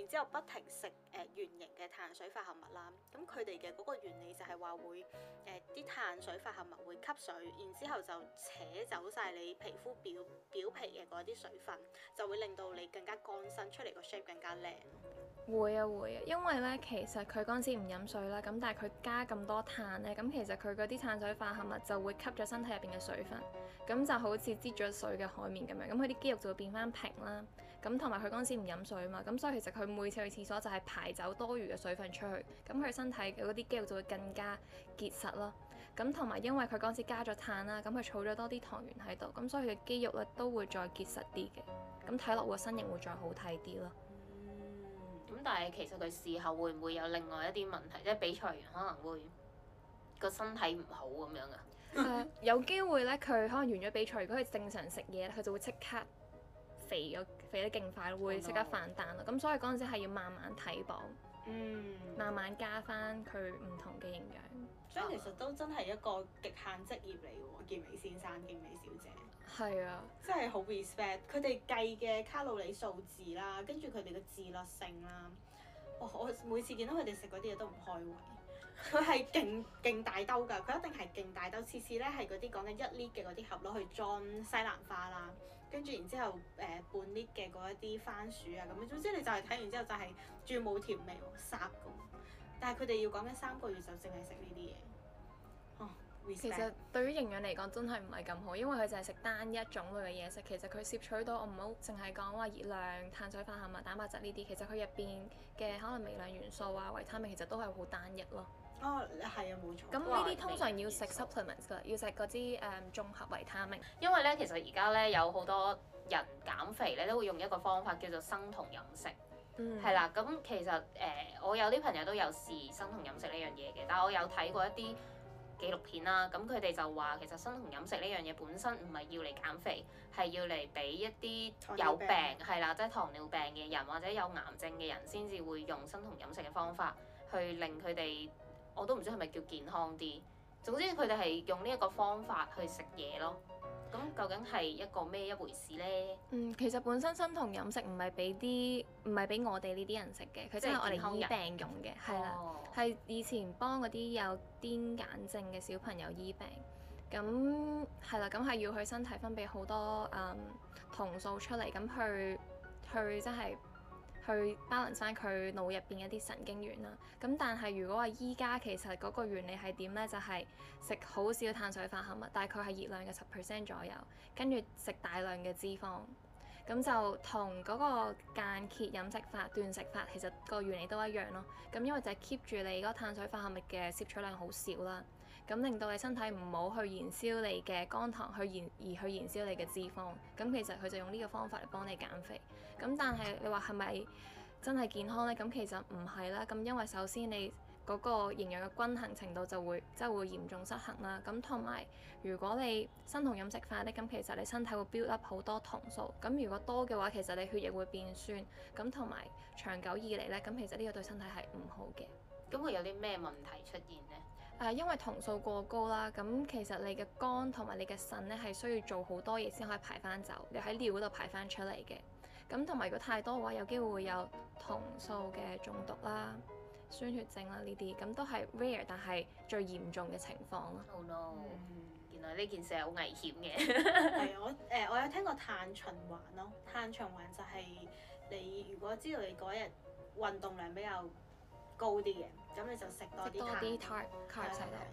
S1: 然之後不停食誒圓形嘅碳水化合物啦，咁佢哋嘅嗰個原理就係話會誒啲、呃、碳水化合物會吸水，然之後就扯走晒你皮膚表表皮嘅嗰啲水分，就會令到你更加乾身出嚟個 shape 更加靚。
S3: 會啊會啊，因為咧其實佢嗰陣時唔飲水啦，咁但係佢加咁多碳咧，咁其實佢嗰啲碳水化合物就會吸咗身體入邊嘅水分，咁就好似擠咗水嘅海綿咁樣，咁佢啲肌肉就會變翻平啦。咁同埋佢嗰陣時唔飲水啊嘛，咁所以其實佢每次去廁所就係排走多餘嘅水分出去，咁佢身體嘅嗰啲肌肉就會更加結實咯。咁同埋因為佢嗰陣時加咗碳啦，咁佢儲咗多啲糖原喺度，咁所以佢嘅肌肉咧都會再結實啲嘅。咁睇落個身形會再好睇啲咯。咁、
S2: 嗯、但係其實佢事後會唔會有另外一啲問題？即係比賽完可能會個身體唔好咁樣啊？ uh,
S3: 有機會咧，佢可能完咗比賽，如果佢正常食嘢，佢就會即刻。肥咗，肥得勁快咯，會即刻反彈咁 所以嗰陣時係要慢慢睇磅，嗯、慢慢加翻佢唔同嘅營養。
S1: 所以、嗯、 其實都真係一個極限職業嚟喎，健美先生、健美小姐。
S3: 係啊，真係
S1: 好 respect 佢哋 計嘅卡路里數字啦，跟住佢哋嘅自律性啦。我每次見到佢哋食嗰啲嘢都唔開胃，佢係勁勁大兜㗎，佢一定係勁大兜。次次咧係嗰啲講緊一 lit 嘅嗰啲盒攞去裝西蘭花啦。跟住然之後，誒拌啲嘅嗰一啲番薯啊，咁樣總之你就係睇完之後就係仲要冇甜味喎，濕咁。但係佢哋要講緊三個月就
S3: 淨係食呢啲嘢。哦，其實對於營養嚟講真係唔係咁好，因為佢就係食單一種類嘅嘢食。其實佢攝取到我唔好淨係講話熱量、碳水化合物、蛋白質呢啲。其實佢入邊嘅可能微量元素啊、維他命其實都係好單一咯。哦，你係啊，冇錯。咁呢啲通常要食 supplements 㗎，要食嗰啲誒綜合維他命。因
S2: 為咧，其實而家咧有好多人減肥咧都會用一個方法叫做生酮飲食，
S3: 係啦、嗯。
S2: 咁其實誒、呃，我有啲朋友都有試生酮飲食呢樣嘢嘅，但我有睇過一啲紀錄片啦。咁佢哋就話其實生酮飲食呢樣嘢本身唔係要嚟減肥，係要嚟俾一啲有病係啦，即係糖尿病嘅人或者有癌症嘅人先至會用生酮飲食嘅方法去令佢哋。我都唔知係咪叫健康啲，總之佢哋係用呢一個方法去食嘢咯。咁究竟係一個咩一回事呢？嗯，
S3: 其實本身生酮飲食唔係俾啲唔係俾我哋呢啲人食嘅，佢真係我哋醫病用嘅，係啦、哦，係以前幫嗰啲有癲癇症嘅小朋友醫病。咁係啦，咁係要佢身體分泌好多誒酮、嗯、素出嚟，咁去去真係。去平衡返佢腦入邊一啲神經元啦。咁但係如果話依家其實嗰個原理係點呢？就係食好少碳水化合物，大概係熱量嘅十 percent 左右，跟住食大量嘅脂肪。咁就同嗰個間歇飲食法、斷食法其實個原理都一樣咯。咁因為就係 keep 住你嗰碳水化合物嘅攝取量好少啦。咁令到你身體唔好去燃燒你嘅肝糖去燃而去燃燒你嘅脂肪，咁其實佢就用呢個方法嚟幫你減肥。咁但係你話係咪真係健康呢？咁其實唔係啦。咁因為首先你嗰個營養嘅均衡程度就會即係會嚴重失衡啦。咁同埋如果你生酮飲食法呢，咁其實你身體會 build up 好多酮素。咁如果多嘅話，其實你血液會變酸。咁同埋長久以嚟呢，咁其實呢個對身體係唔好嘅。咁會有啲咩
S2: 問題出現呢？
S3: 誒，因為酮素過高啦，咁其實你嘅肝同埋你嘅腎咧，係需要做好多嘢先可以排翻走，你喺尿度排翻出嚟嘅。咁同埋如果太多嘅話，有機會有酮素嘅中毒啦、酸血症啦呢啲，咁都係 rare，但係最嚴重嘅情況咯。Oh no。
S2: 嗯、原來呢件事係好危險嘅。係 我誒、呃，我有聽過碳循環咯。碳
S1: 循環就係你如果知道你嗰日運動量比較高啲嘅，咁你就食多啲碳，碳、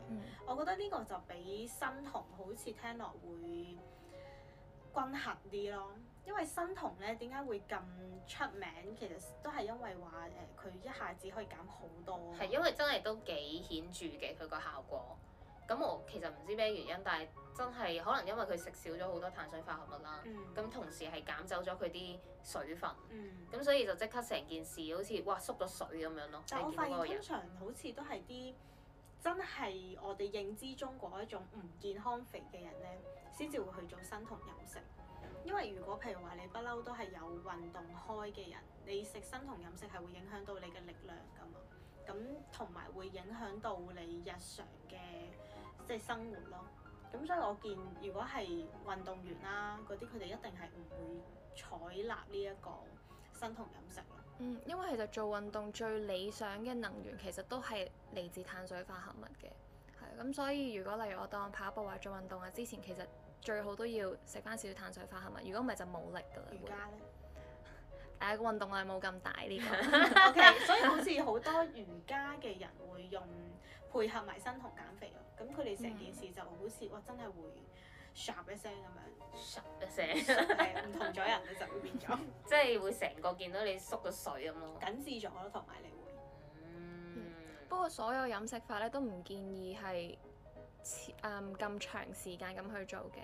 S1: 嗯、我覺得呢個就比生酮好似聽落會均衡啲咯。因為生酮咧，點解會咁出名？其實都係因為話誒，佢、呃、一下子可以減好多。係因為真係
S2: 都幾顯著嘅佢個效果。咁我其實唔知咩原因，但係真係可能因為佢食少咗好多碳水化合物啦。咁、嗯、同時係減走咗佢啲水分。咁、嗯、所以就即刻成件事好似哇縮咗水咁樣咯。但係我發現通
S1: 常好似都係啲、嗯、真係我哋認知中嗰一種唔健康肥嘅人咧，先至、嗯、會去做生酮飲食。因為如果譬如話你不嬲都係有運動開嘅人，你食生酮飲食係會影響到你嘅力量㗎嘛。咁同埋會影響到你日常嘅。即係生活咯，咁所以我見如果係運動員啦嗰啲，佢哋一定係唔會採納呢一個生酮飲食。嗯，
S3: 因為其實做運動最理想嘅能源其實都係嚟自碳水化合物嘅，係咁所以如果例如我當跑步或、啊、做運動啊之前，其實最好都要食翻少少碳水化合物，如果唔係就冇力㗎喇。瑜伽咧？誒 運動量冇咁大呢、呢個 ，OK， 所以好似好多瑜
S1: 伽嘅人會用。配
S2: 合埋生酮減肥喎，咁佢哋成件事就好似，哇，真係會唰一聲咁樣，唰 一聲係唔同
S3: 咗人嘅，就會變咗， 即係會成個見到你縮咗水咁咯。緊緻咗咯，同埋你會。嗯，嗯，不過所有飲食法咧都唔建議係，嗯，咁長時間咁去做嘅。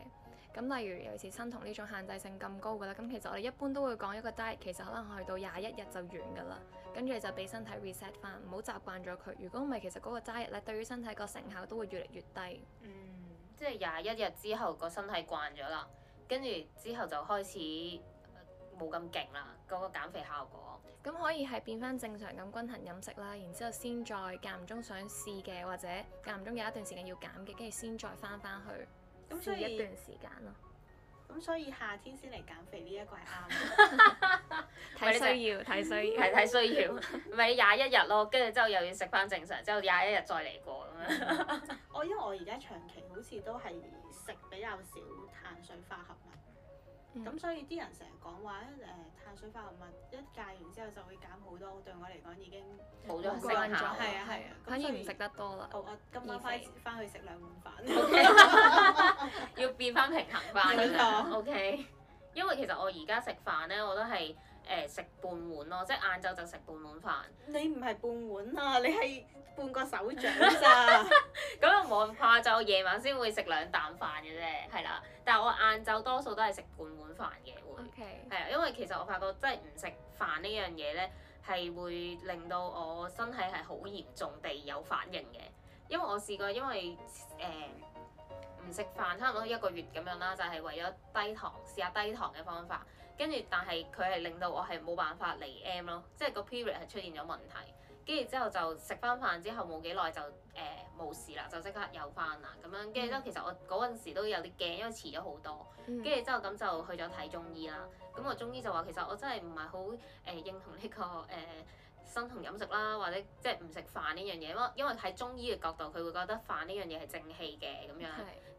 S3: 咁例如尤其是生酮呢種限制性咁高噶啦，咁其實我哋一般都會講一個 diet 其實可能去到廿一日就完噶啦。跟住就俾身體 reset 翻，唔好習慣咗佢。如果唔係，其實嗰個齋日咧，對於身體個成效都會越嚟越低。嗯，即係
S2: 廿一日之後個身體慣咗啦，跟住之後就開始冇咁勁啦，嗰個減肥效果。
S3: 咁、嗯、可以係變翻正常咁均衡飲食啦，然之後先再間唔中想試嘅，或者間唔中有一段時間要減嘅，跟住先再翻翻去住一段時間咯。咁所以夏天先嚟減肥呢一個係啱嘅，
S1: 睇需要睇需要係睇需要，
S2: 咪廿一日咯，跟住之後又要食翻正常，之後廿一日再嚟過咁樣。
S1: 我 因為我而家長期好似都係食比較少碳水化合物。咁、嗯、所以啲人成日講話誒碳水化合物一戒完之後就會減好多，對我嚟講已經冇咗食下，
S3: 係啊係啊，肯定唔食得多啦。我今晚翻翻去食兩碗飯，
S2: 要變翻平衡翻。冇錯的。 o、okay. K，因為其實我而家食飯咧，我都係。誒食、呃、半碗咯，即係晏晝就食半碗飯。
S1: 你唔係半碗啊，你係半個手掌
S2: 咋？咁啊， 怕就我下晝夜晚先會食兩啖飯嘅啫，係啦。但係我晏晝多數都係食半碗飯嘅會，係啊 Okay.，因為其實我發覺即係唔食飯呢樣嘢咧，係會令到我身體係好嚴重地有反應嘅。因為我試過因為誒唔食飯，差唔多一個月咁樣啦，就係、是、為咗低糖試下低糖嘅方法。跟住，但係佢係令到我係冇辦法嚟 M 咯，即係個 period 係出現咗問題。跟住之後就食翻飯之後冇幾耐就誒冇、呃、事啦，就即刻有翻啦咁樣。跟住之後其實我嗰陣時都有啲驚，因為遲咗好多。跟住之後咁就去咗睇中醫啦。咁我中醫就話其實我真係唔係好誒認同呢、呢個誒生酮飲食啦，或者即係唔食飯呢樣嘢。因為因為喺中醫嘅角度，佢會覺得飯呢樣嘢係正氣嘅咁樣。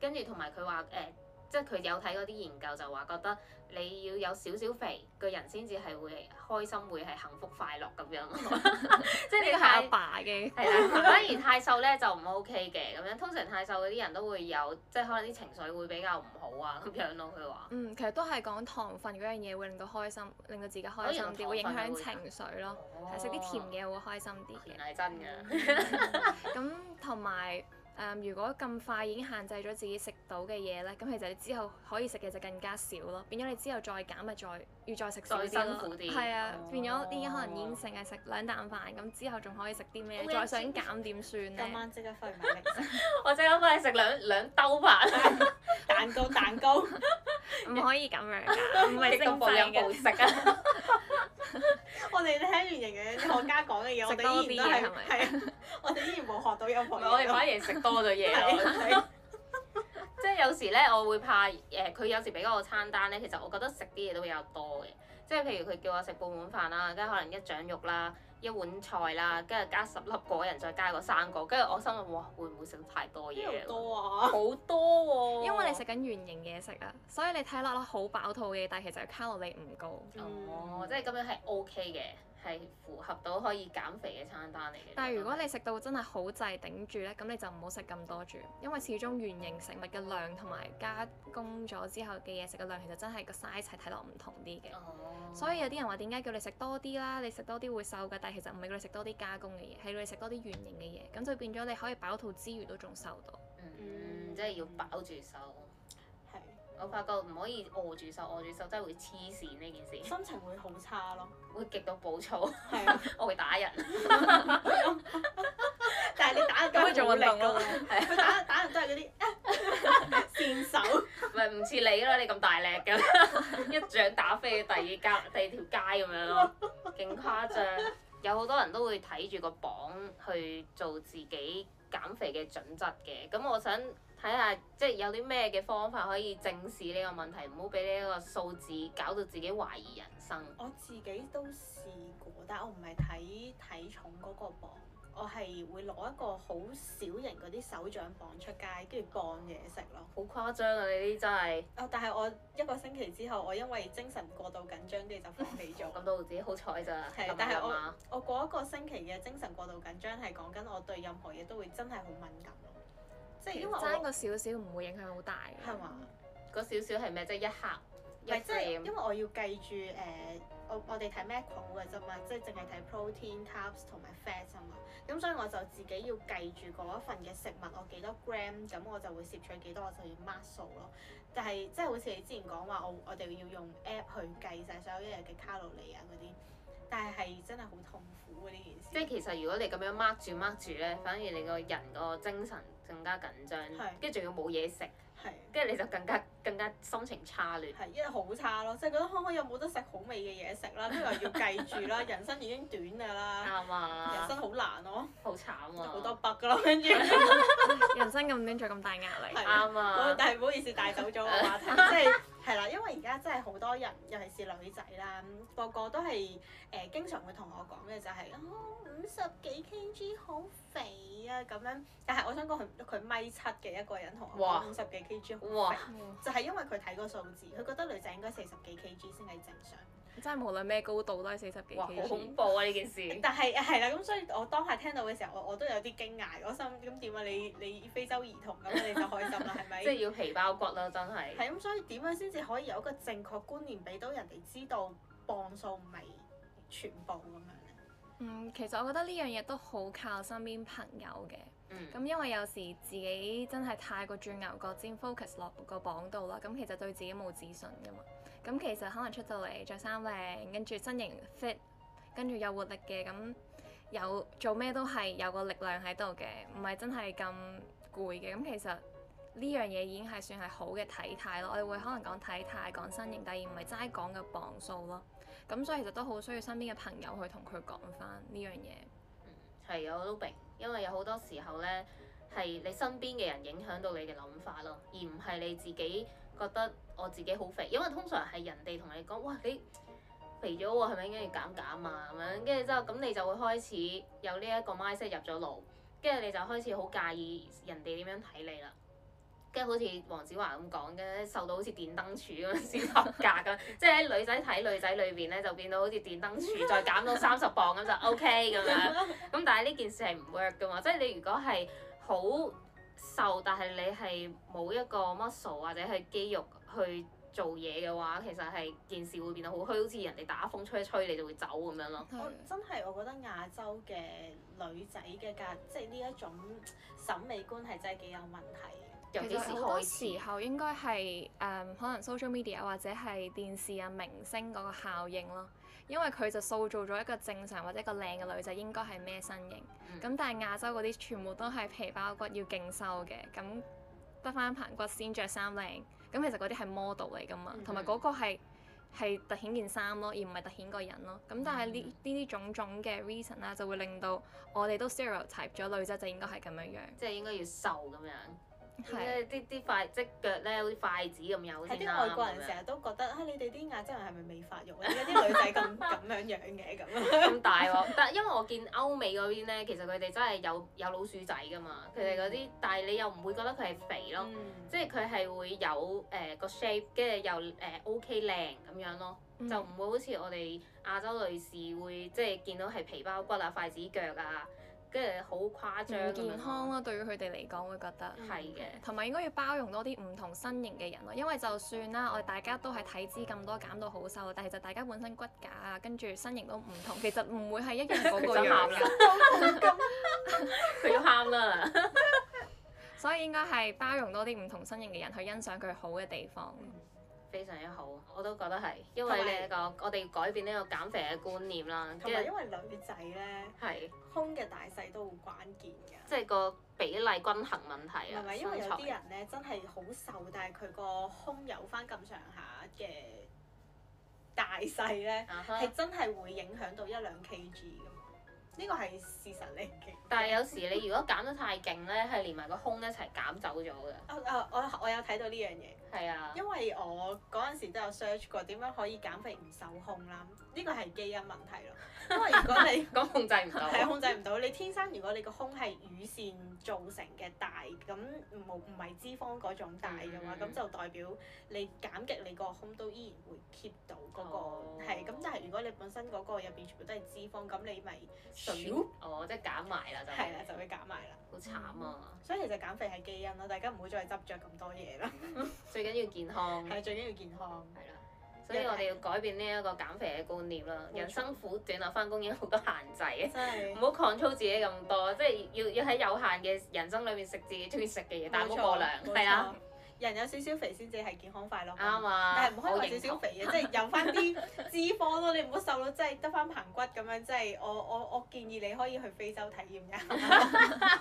S2: 跟住同埋佢話誒。呃即係佢有睇嗰啲研究，就話覺得你要有少少肥嘅人先至係會開心，會係幸福快樂咁樣。 即係你係阿爸嘅，
S3: 係啦太。 反而
S2: 太瘦咧就唔 OK 嘅，咁樣通常太瘦嗰啲人都會有，即係可能啲情緒會比較唔好啊咁樣咯。佢話嗯，
S3: 其實都係講糖分嗰樣嘢會令到開心，令到自己開心啲，會影響情緒咯。食啲、哦、甜嘢會開心啲，原來係真嘅。咁同埋。誒，如果咁快已經限制咗自己食到嘅嘢咧，咁其實你之後可以食嘅就更加少咯，變咗你之後再減咪再要再食少啲咯，更辛苦啲，係啊，變咗啲可能已經成日食兩啖飯，咁之後仲可以食啲咩？再想減點算啊？今晚即刻翻去買零食，我即刻翻去食兩兩兜飯，蛋糕蛋糕，唔可以咁樣㗎，唔係增肥嘅，我哋聽完營養學
S2: 家
S1: 講嘅嘢，我哋依然都係，
S2: 我哋依然冇學到有乜嘢。我哋反而食。多咗嘢， 是 即係有時咧，我會怕誒，佢、呃、有時俾我個餐單咧，其實我覺得食啲嘢都比較多嘅，即係譬如佢叫我食半碗飯啦，跟住可能一掌肉啦，一碗菜啦，跟住加十粒果仁，再加個生果，跟住我心諗哇，會唔會食太多嘢？多啊，好
S3: 多喎，啊！ 因為你食緊圓形嘢食啊，所以你睇落咧好飽肚嘅，但係其實卡路里唔高，嗯嗯，哦，即係咁樣係 O K 嘅。係符合到可以減肥嘅餐單嚟嘅。但係如果你食到真係好滯頂住咧，咁你就唔好食咁多住，因為始終原形食物嘅量同埋加工咗之後嘅嘢食嘅量其實真係個 size 睇落唔同啲嘅。哦。所以有啲人話點解叫你食多啲啦？你食多啲會瘦㗎，但係其實唔係叫你食多啲加工嘅嘢，係叫你食多啲原形嘅嘢，咁就變咗你可以飽肚之餘都仲瘦到。嗯，即係要飽住瘦。
S2: 我發覺唔可以餓住手，餓住手真係會黐線呢件事，心情會好差咯，會極度暴躁，係啊， 我會打人， 但係你打人咁去做運動咯，係啊，打打人都係嗰啲線手，咪唔似你咯，你咁大力㗎， 一掌打飛第二街第二條街咁樣咯，勁誇張。 有好多人都會睇住個榜去做自己減肥嘅準則嘅，咁我想。睇下即係有啲咩嘅方法可以正視呢個問題，唔好俾呢個數字搞到自己懷疑人生。
S1: 我自己都試過，但係我唔係睇體重嗰個磅，我係會攞一個好小型嗰啲手掌磅出街，跟住磅嘢食咯。好誇張啊！呢啲真係。啊、哦！但係我一個星期之後，我因為精神過度緊張，跟
S2: 住就放棄咗。諗到自己好彩咋，咁樣啊嘛。係，但係我。
S1: 我過一個星期嘅精神過度緊張係講緊我對任何嘢都會真係好敏感。即係因為爭個
S3: 少少唔會影響好大嘅。係嘛嗎？嗰
S1: 少少係咩即啫？是一克 frame
S3: 即點。
S1: 因為我要計住誒、呃，我我哋睇 macro 嘅啫嘛，即係淨係睇 protein、carbs 同埋 fat 啊嘛。咁所以我就自己要計住嗰一份嘅食物我幾多 gram，咁我就會攝取幾多我就要 mark 數咯。但係即係好似你之前講話，我我哋要用 app 去計晒所有一日嘅卡路里啊嗰啲，但係係真係好痛苦呢是件事。
S2: 即係其實如果你咁樣 mark 住 mark 住咧，反而你個人個精神，更加緊張，跟住仲要冇嘢食，跟住你就更加更加心情差亂，係因為好差咯，即係覺得可可有冇得食好
S1: 味嘅嘢食啦，跟住話要計住啦，人生已經短㗎啦，啱
S2: 啊，人生好
S1: 難咯，
S3: 好慘好多筆㗎咯，跟住人生咁短仲咁大壓力，啱啊，但係唔
S1: 好意思帶走咗個話題，即係。係啦，因為而家真係好多人，尤其是女仔啦，個個都係誒、呃、經常會同我講嘅就係、是，哦，五十幾 kg 好肥啊咁樣。但係我想講，佢佢米七嘅一個人同我講五十幾 kg 好肥，就係因為佢睇個數字，佢覺得女仔應該四十幾 kg 先係正常。
S3: 真係無論咩高度都係四十幾 K，好恐怖啊！呢 件事。但係係啦，咁所以我當下聽到嘅
S1: 時候，我我都有啲驚訝，我心咁點啊？你你非洲兒童咁，你就開心啦，係咪？即係要皮包骨啦，真係。係咁，所以點樣先至可以有一個正確觀念，俾到人哋知道磅數唔係全部咁樣
S3: 咧？嗯，其實我覺得呢樣嘢都好靠身邊朋友嘅。嗯。咁因為有時自己真係太過鑽牛角尖，focus 落個磅度啦，咁其實對自己冇自信噶嘛。咁其實可能出到嚟着衫靚，跟住身形 fit，跟住有活力嘅，咁有做咩都係有個力量喺度嘅，唔係真係咁攰嘅。咁其實呢樣嘢已經係算係好嘅體態咯。我哋會可能講體態，講身形，但而唔係齋講個磅數咯。咁所以其實都好需要身邊嘅朋友去同佢講翻呢樣嘢。嗯，
S2: 係啊，我都明，因為有好多時候呢，係你身邊嘅人影響到你嘅諗法咯，而唔係你自己。覺得我自己好肥，因為通常係人哋同你講，哇，你肥咗喎，係咪應該要減減啊？咁樣跟住之後，咁你就會開始有呢一個 mindset 入咗腦，跟住你就開始好介意人哋點樣睇你啦。跟住好似黃子華咁講，嘅：「住瘦到好似電燈柱咁先合格咁，即係喺女仔睇女仔裏邊咧，就變到好似電燈柱，再減到三十磅咁就 OK 咁樣。咁但係呢件事係唔 work 噶嘛？即係你如果係好，瘦，但係你係冇一個 muscle 或者係肌肉去做嘢嘅話，其實係件事會變得好虛，好似人哋打風吹一吹你就會走咁樣咯。
S1: 我真係我覺得亞洲嘅女仔嘅格，即係呢一種審美觀係真係幾有問題。尤其是好多時
S3: 候應該係誒、嗯，可能 social media 或者係電視啊明星嗰個效應咯。因為佢就塑造咗一個正常或者一個靚嘅女仔應該係咩身形，咁、嗯、但係亞洲嗰啲全部都係皮包骨要，要勁瘦嘅，咁得翻排骨先着衫靚，咁其實嗰啲係 model 嚟噶嘛，同埋嗰個係係突顯件衫咯，而唔係突顯個人咯，咁但係呢呢啲種種嘅 reason 啦，就會令到我哋都 stereotype 咗女仔就應該係咁樣樣，即係應該要瘦咁樣。
S2: 啲啲筷即腳咧，好似筷子咁有先啦。啲外國人成日這樣 都覺得啊，你哋啲亞洲人係咪未發育咧？啲 女仔咁咁樣樣嘅咁。咁大喎、啊，但因為我見歐美嗰邊咧，其實佢哋真係有有老鼠仔㗎嘛，佢哋嗰啲，嗯、但係你又唔會覺得佢係肥咯，嗯、即係佢係會有誒、呃、個 shape，跟住又誒、呃、OK 靚咁樣咯，嗯、就唔會好似我哋亞洲女士會即係見到係皮包骨啊、筷子腳啊。
S3: 即係好誇張，健康咯、啊。嗯、對於佢哋嚟講，會覺得係嘅。同埋的應該要包容多啲唔同身形嘅人咯。因為就算啦，我哋大家都係體脂咁多，減到好瘦，但係就大家本身骨架啊，跟住身形都唔同，其實唔會係一樣嗰個樣。佢想喊要喊啦。所以應該係包容多啲唔同身形嘅人去欣賞佢好嘅地方。非常之好，我都覺得係，因為呢、呢個有我哋要
S2: 改變呢個減肥嘅觀念啦。同埋因為女仔咧，係是胸嘅大細都好關鍵嘅，即係個比例均衡問題啊。係咪材因為有啲人
S1: 咧真係好瘦，但係佢個胸有翻咁上下嘅大細咧，係、uh huh. 真係會影響到一兩 K G。呢、呢個係事實嚟嘅，
S2: 但係有時你如果減得太勁呢，係連埋個胸一齊減走咗嘅。啊
S1: 啊！我我有睇到呢樣嘢，
S2: 係啊，因
S1: 為我嗰陣時都有 search 過點樣可以減肥唔瘦胸啦，呢個係基因問題咯。
S2: 因為如果你講 控制唔不到，係
S1: 控制唔到， 你天生如果你個胸係乳腺造成嘅大，咁冇唔係脂肪嗰種大嘅話，咁、mm hmm. 就代表你減極你個胸都依然會 keep 到嗰、那個係。咁但係如果你本身嗰個入邊全部都係脂肪，咁你咪少 哦，即係減埋啦，就係啦，就會減埋啦，好慘啊！所以其實減肥係基因咯，大家唔會再執着咁多嘢啦，
S2: 最緊要健康，係最緊要健康，係啦。所以我哋要改變呢一個減肥嘅觀念啦，人生苦短啊，翻工已經好多限制啊，真係，唔好控制自己咁多，即係要要喺有限嘅人生裏面食自己中意食嘅嘢，但唔好過量，係啊。人有少少肥
S1: 先至係健康快樂，啱啊，但係唔可以話少少肥嘅，即係有翻啲脂肪咯，你唔好瘦到即係得翻棚骨咁樣，即係我我我建議你可以去非洲體驗一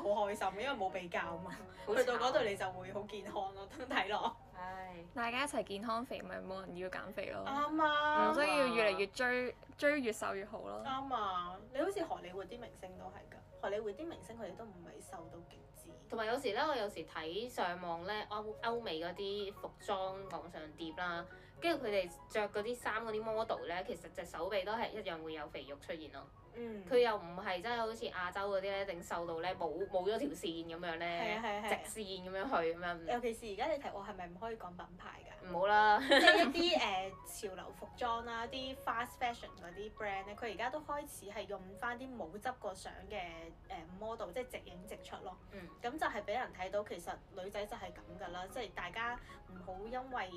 S1: 好開心，因為冇比較嘛。 醜去到嗰度你就會好健康咯，睇落。
S3: 唉，大家一齊健康肥咪冇人要減肥咯。啱啊吧。唔需要越嚟越追追越瘦越好咯。啱
S1: 啊！你好似荷里活啲明星都係㗎，荷里活啲明星佢哋都唔係瘦到極致。
S2: 同埋有，有時咧，我有時睇上網咧歐歐美嗰啲服裝講上碟啦。跟住佢哋着嗰啲衫嗰啲 model 咧，其實隻手臂都係一樣會有肥肉出現咯。嗯。佢又唔係真係好似亞洲嗰啲咧，頂瘦到咧冇冇咗條線咁樣咧。係啊、嗯、直線咁樣去咁樣。嗯、尤其是而家你睇我係咪唔可以講品牌㗎？唔好啦。即係一啲誒、 uh, 潮流服裝啦，
S1: 啲 fast fashion 嗰啲 brand 咧，佢而家都開始係用翻啲冇執過相嘅誒 model，即係直影直出咯。嗯。咁就係俾人睇到，其實女仔就係咁㗎啦，即係大家唔好因為。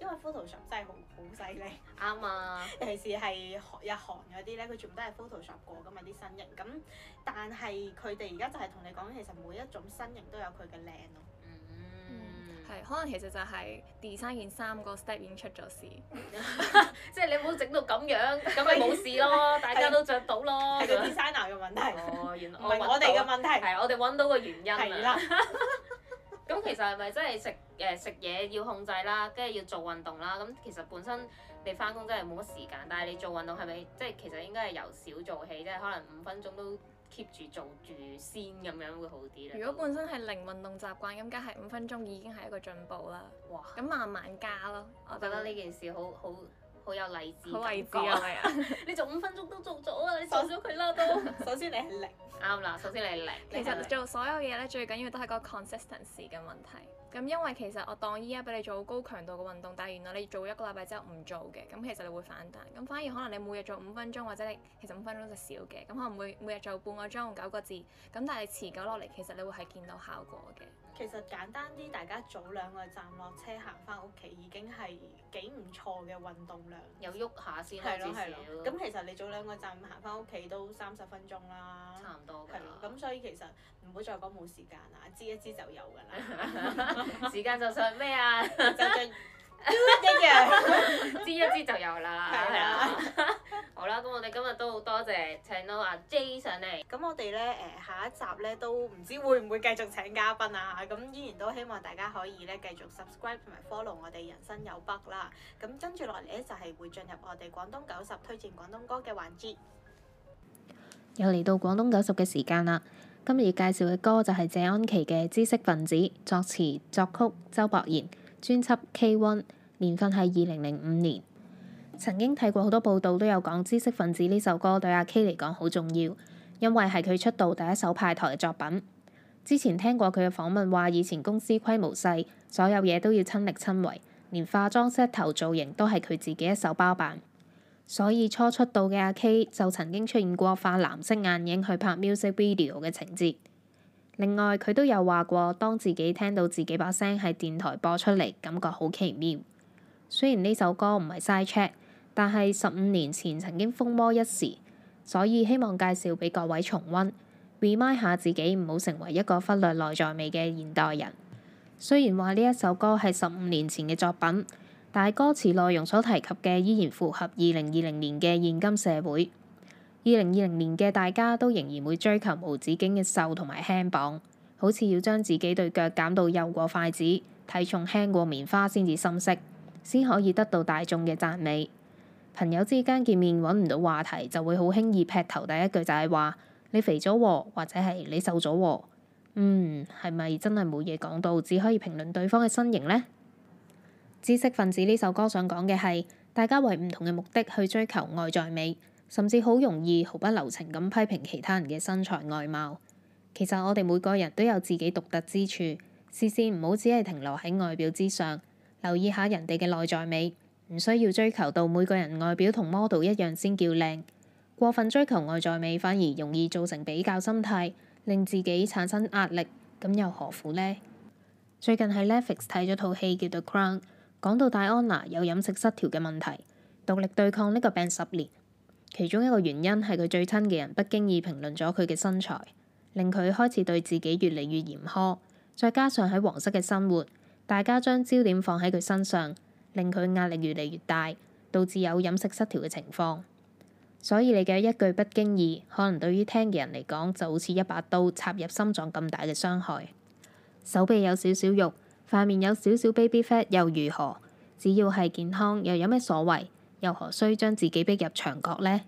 S1: 因為 Photoshop 真係好好犀利，啱啊！ 尤其是係日韓嗰啲咧，佢全部都係 Photoshop 過噶嘛啲身形。咁但係佢哋而家就係同你講，其實每一種身形都有佢嘅靚咯。嗯，
S3: 係、嗯、可能其實就係 design 件衫個 step 已經出咗事， 即係你唔好整到咁樣，咁咪冇事咯， 大家都着到咯。
S1: 係個 designer 嘅問題，唔係我哋嘅
S2: 問題，係我哋揾到個原因啦。 咁其實係咪真係食誒食嘢要控制啦，跟住要做運動啦？咁其實本身你翻工真係冇乜時間，但係你做運動係咪即係其實應該係由少做起，即係可能五分鐘都 keep 住做住先咁樣會好啲咧？如果
S3: 本身係零運動習慣，咁梗係五分鐘已經係一個進步啦。哇！咁慢慢加咯，我覺得呢件
S2: 事好好。好有勵志，好勵志啊！啊， 你做五分鐘都做咗啊！你
S3: 做咗佢啦
S2: 都， 首先你係零。啱啦，首先你係零。
S3: 其實做所有嘢咧，最緊要都係個 consistency 嘅問題。咁因為其實我當依家俾你做好高強度嘅運動，但係原來你做一個禮拜之後唔做嘅，咁其實你會反彈。咁反而可能你每日做五分鐘，或者你其實五分鐘就少嘅，咁可能每每日做半個鐘九個字，咁但係你持久落嚟，其實你會係見到效果嘅。
S1: 其實簡單啲，大家早兩個站落車行翻屋企已經係幾唔錯嘅運動量。有喐下先咯，係咯。咁、嗯、其實你早兩個站行翻屋企都三十分鐘啦。差唔多㗎。咁所以其實唔好再講冇時間啦，知一知就有㗎啦。 時間
S2: 就係咩啊？ 就一樣， 知一知就有啦。係啦，好啦，咁我哋今日都好多謝請到阿 J 上嚟。咁我哋咧
S1: 誒下一集咧都唔知會唔會繼續請嘉賓啊？咁依然都希望大家可以咧繼續 subscribe 同埋 follow 我哋人生有 BUG 啦。咁跟住落嚟咧就係、是、會進入我哋廣東九十推薦廣東歌嘅環節。
S2: 又嚟到廣東九十嘅時間啦！今日要介紹嘅歌就係謝安琪嘅《姿色份子》作，作詞作曲周博賢。專輯 K One 年份係二零零五年，曾經睇過好多報道都有講姿色份子呢首歌對阿 K 嚟講好重要，因為係佢出道第一首派台嘅作品。之前聽過佢嘅訪問話，以前公司規模細，所有嘢都要親力親為，連化妝、set 頭造型都係佢自己一手包辦。所以初出道嘅阿 K 就曾經出現過化藍色眼影去拍 music video 嘅情節。另外，佢都有話過，當自己聽到自己把聲喺電台播出嚟，感覺好奇妙。雖然呢首歌唔係 side track，但係十五年前曾經風魔一時，所以希望介紹俾各位重溫，remind 下自己唔好成為一個忽略內在美嘅現代人。雖然話呢一首歌係十五年前嘅作品，但係歌詞內容所提及嘅依然符合二零二零年嘅現今社會。二零二零年嘅大家都仍然會追求無止境嘅瘦同埋輕磅，好似要將自己對腳減到幼過筷子，體重輕過棉花先至心息，先可以得到大眾嘅讚美。朋友之間見面揾唔到話題，就會好輕易劈頭第一句就係話你肥咗啊，或者係你瘦咗啊。嗯，係咪真係冇嘢講到，只可以評論對方嘅身形呢？姿色份子呢首歌想講嘅係，大家為唔同嘅目的去追求外在美。甚至好容易毫不留情咁批評其他人嘅身材外貌。其實我哋每個人都有自己獨特之處，視線唔好只係停留喺外表之上，留意下人哋嘅內在美。唔需要追求到每個人外表同 model 一樣先叫靚，過分追求外在美反而容易造成比較心態，令自己產生壓力。咁又何苦呢？最近喺 Netflix 睇咗套戲叫做《The Crown》，講到戴安娜有飲食失調嘅問題，獨力對抗呢個病十年。其中一個原因係佢最親嘅人不經意評論咗佢嘅身材，令佢開始對自己越嚟越嚴苛。再加上喺皇室嘅生活，大家將焦點放喺佢身上，令佢壓力越嚟越大，導致有飲食失調嘅情況。所以你嘅一句不經意，可能對於聽嘅人嚟講就好似一把刀插入心臟咁大嘅傷害。手臂有少少肉，塊面有少少 baby fat 又如何？只要係健康，又有咩所謂？又何須將自己逼入牆角呢？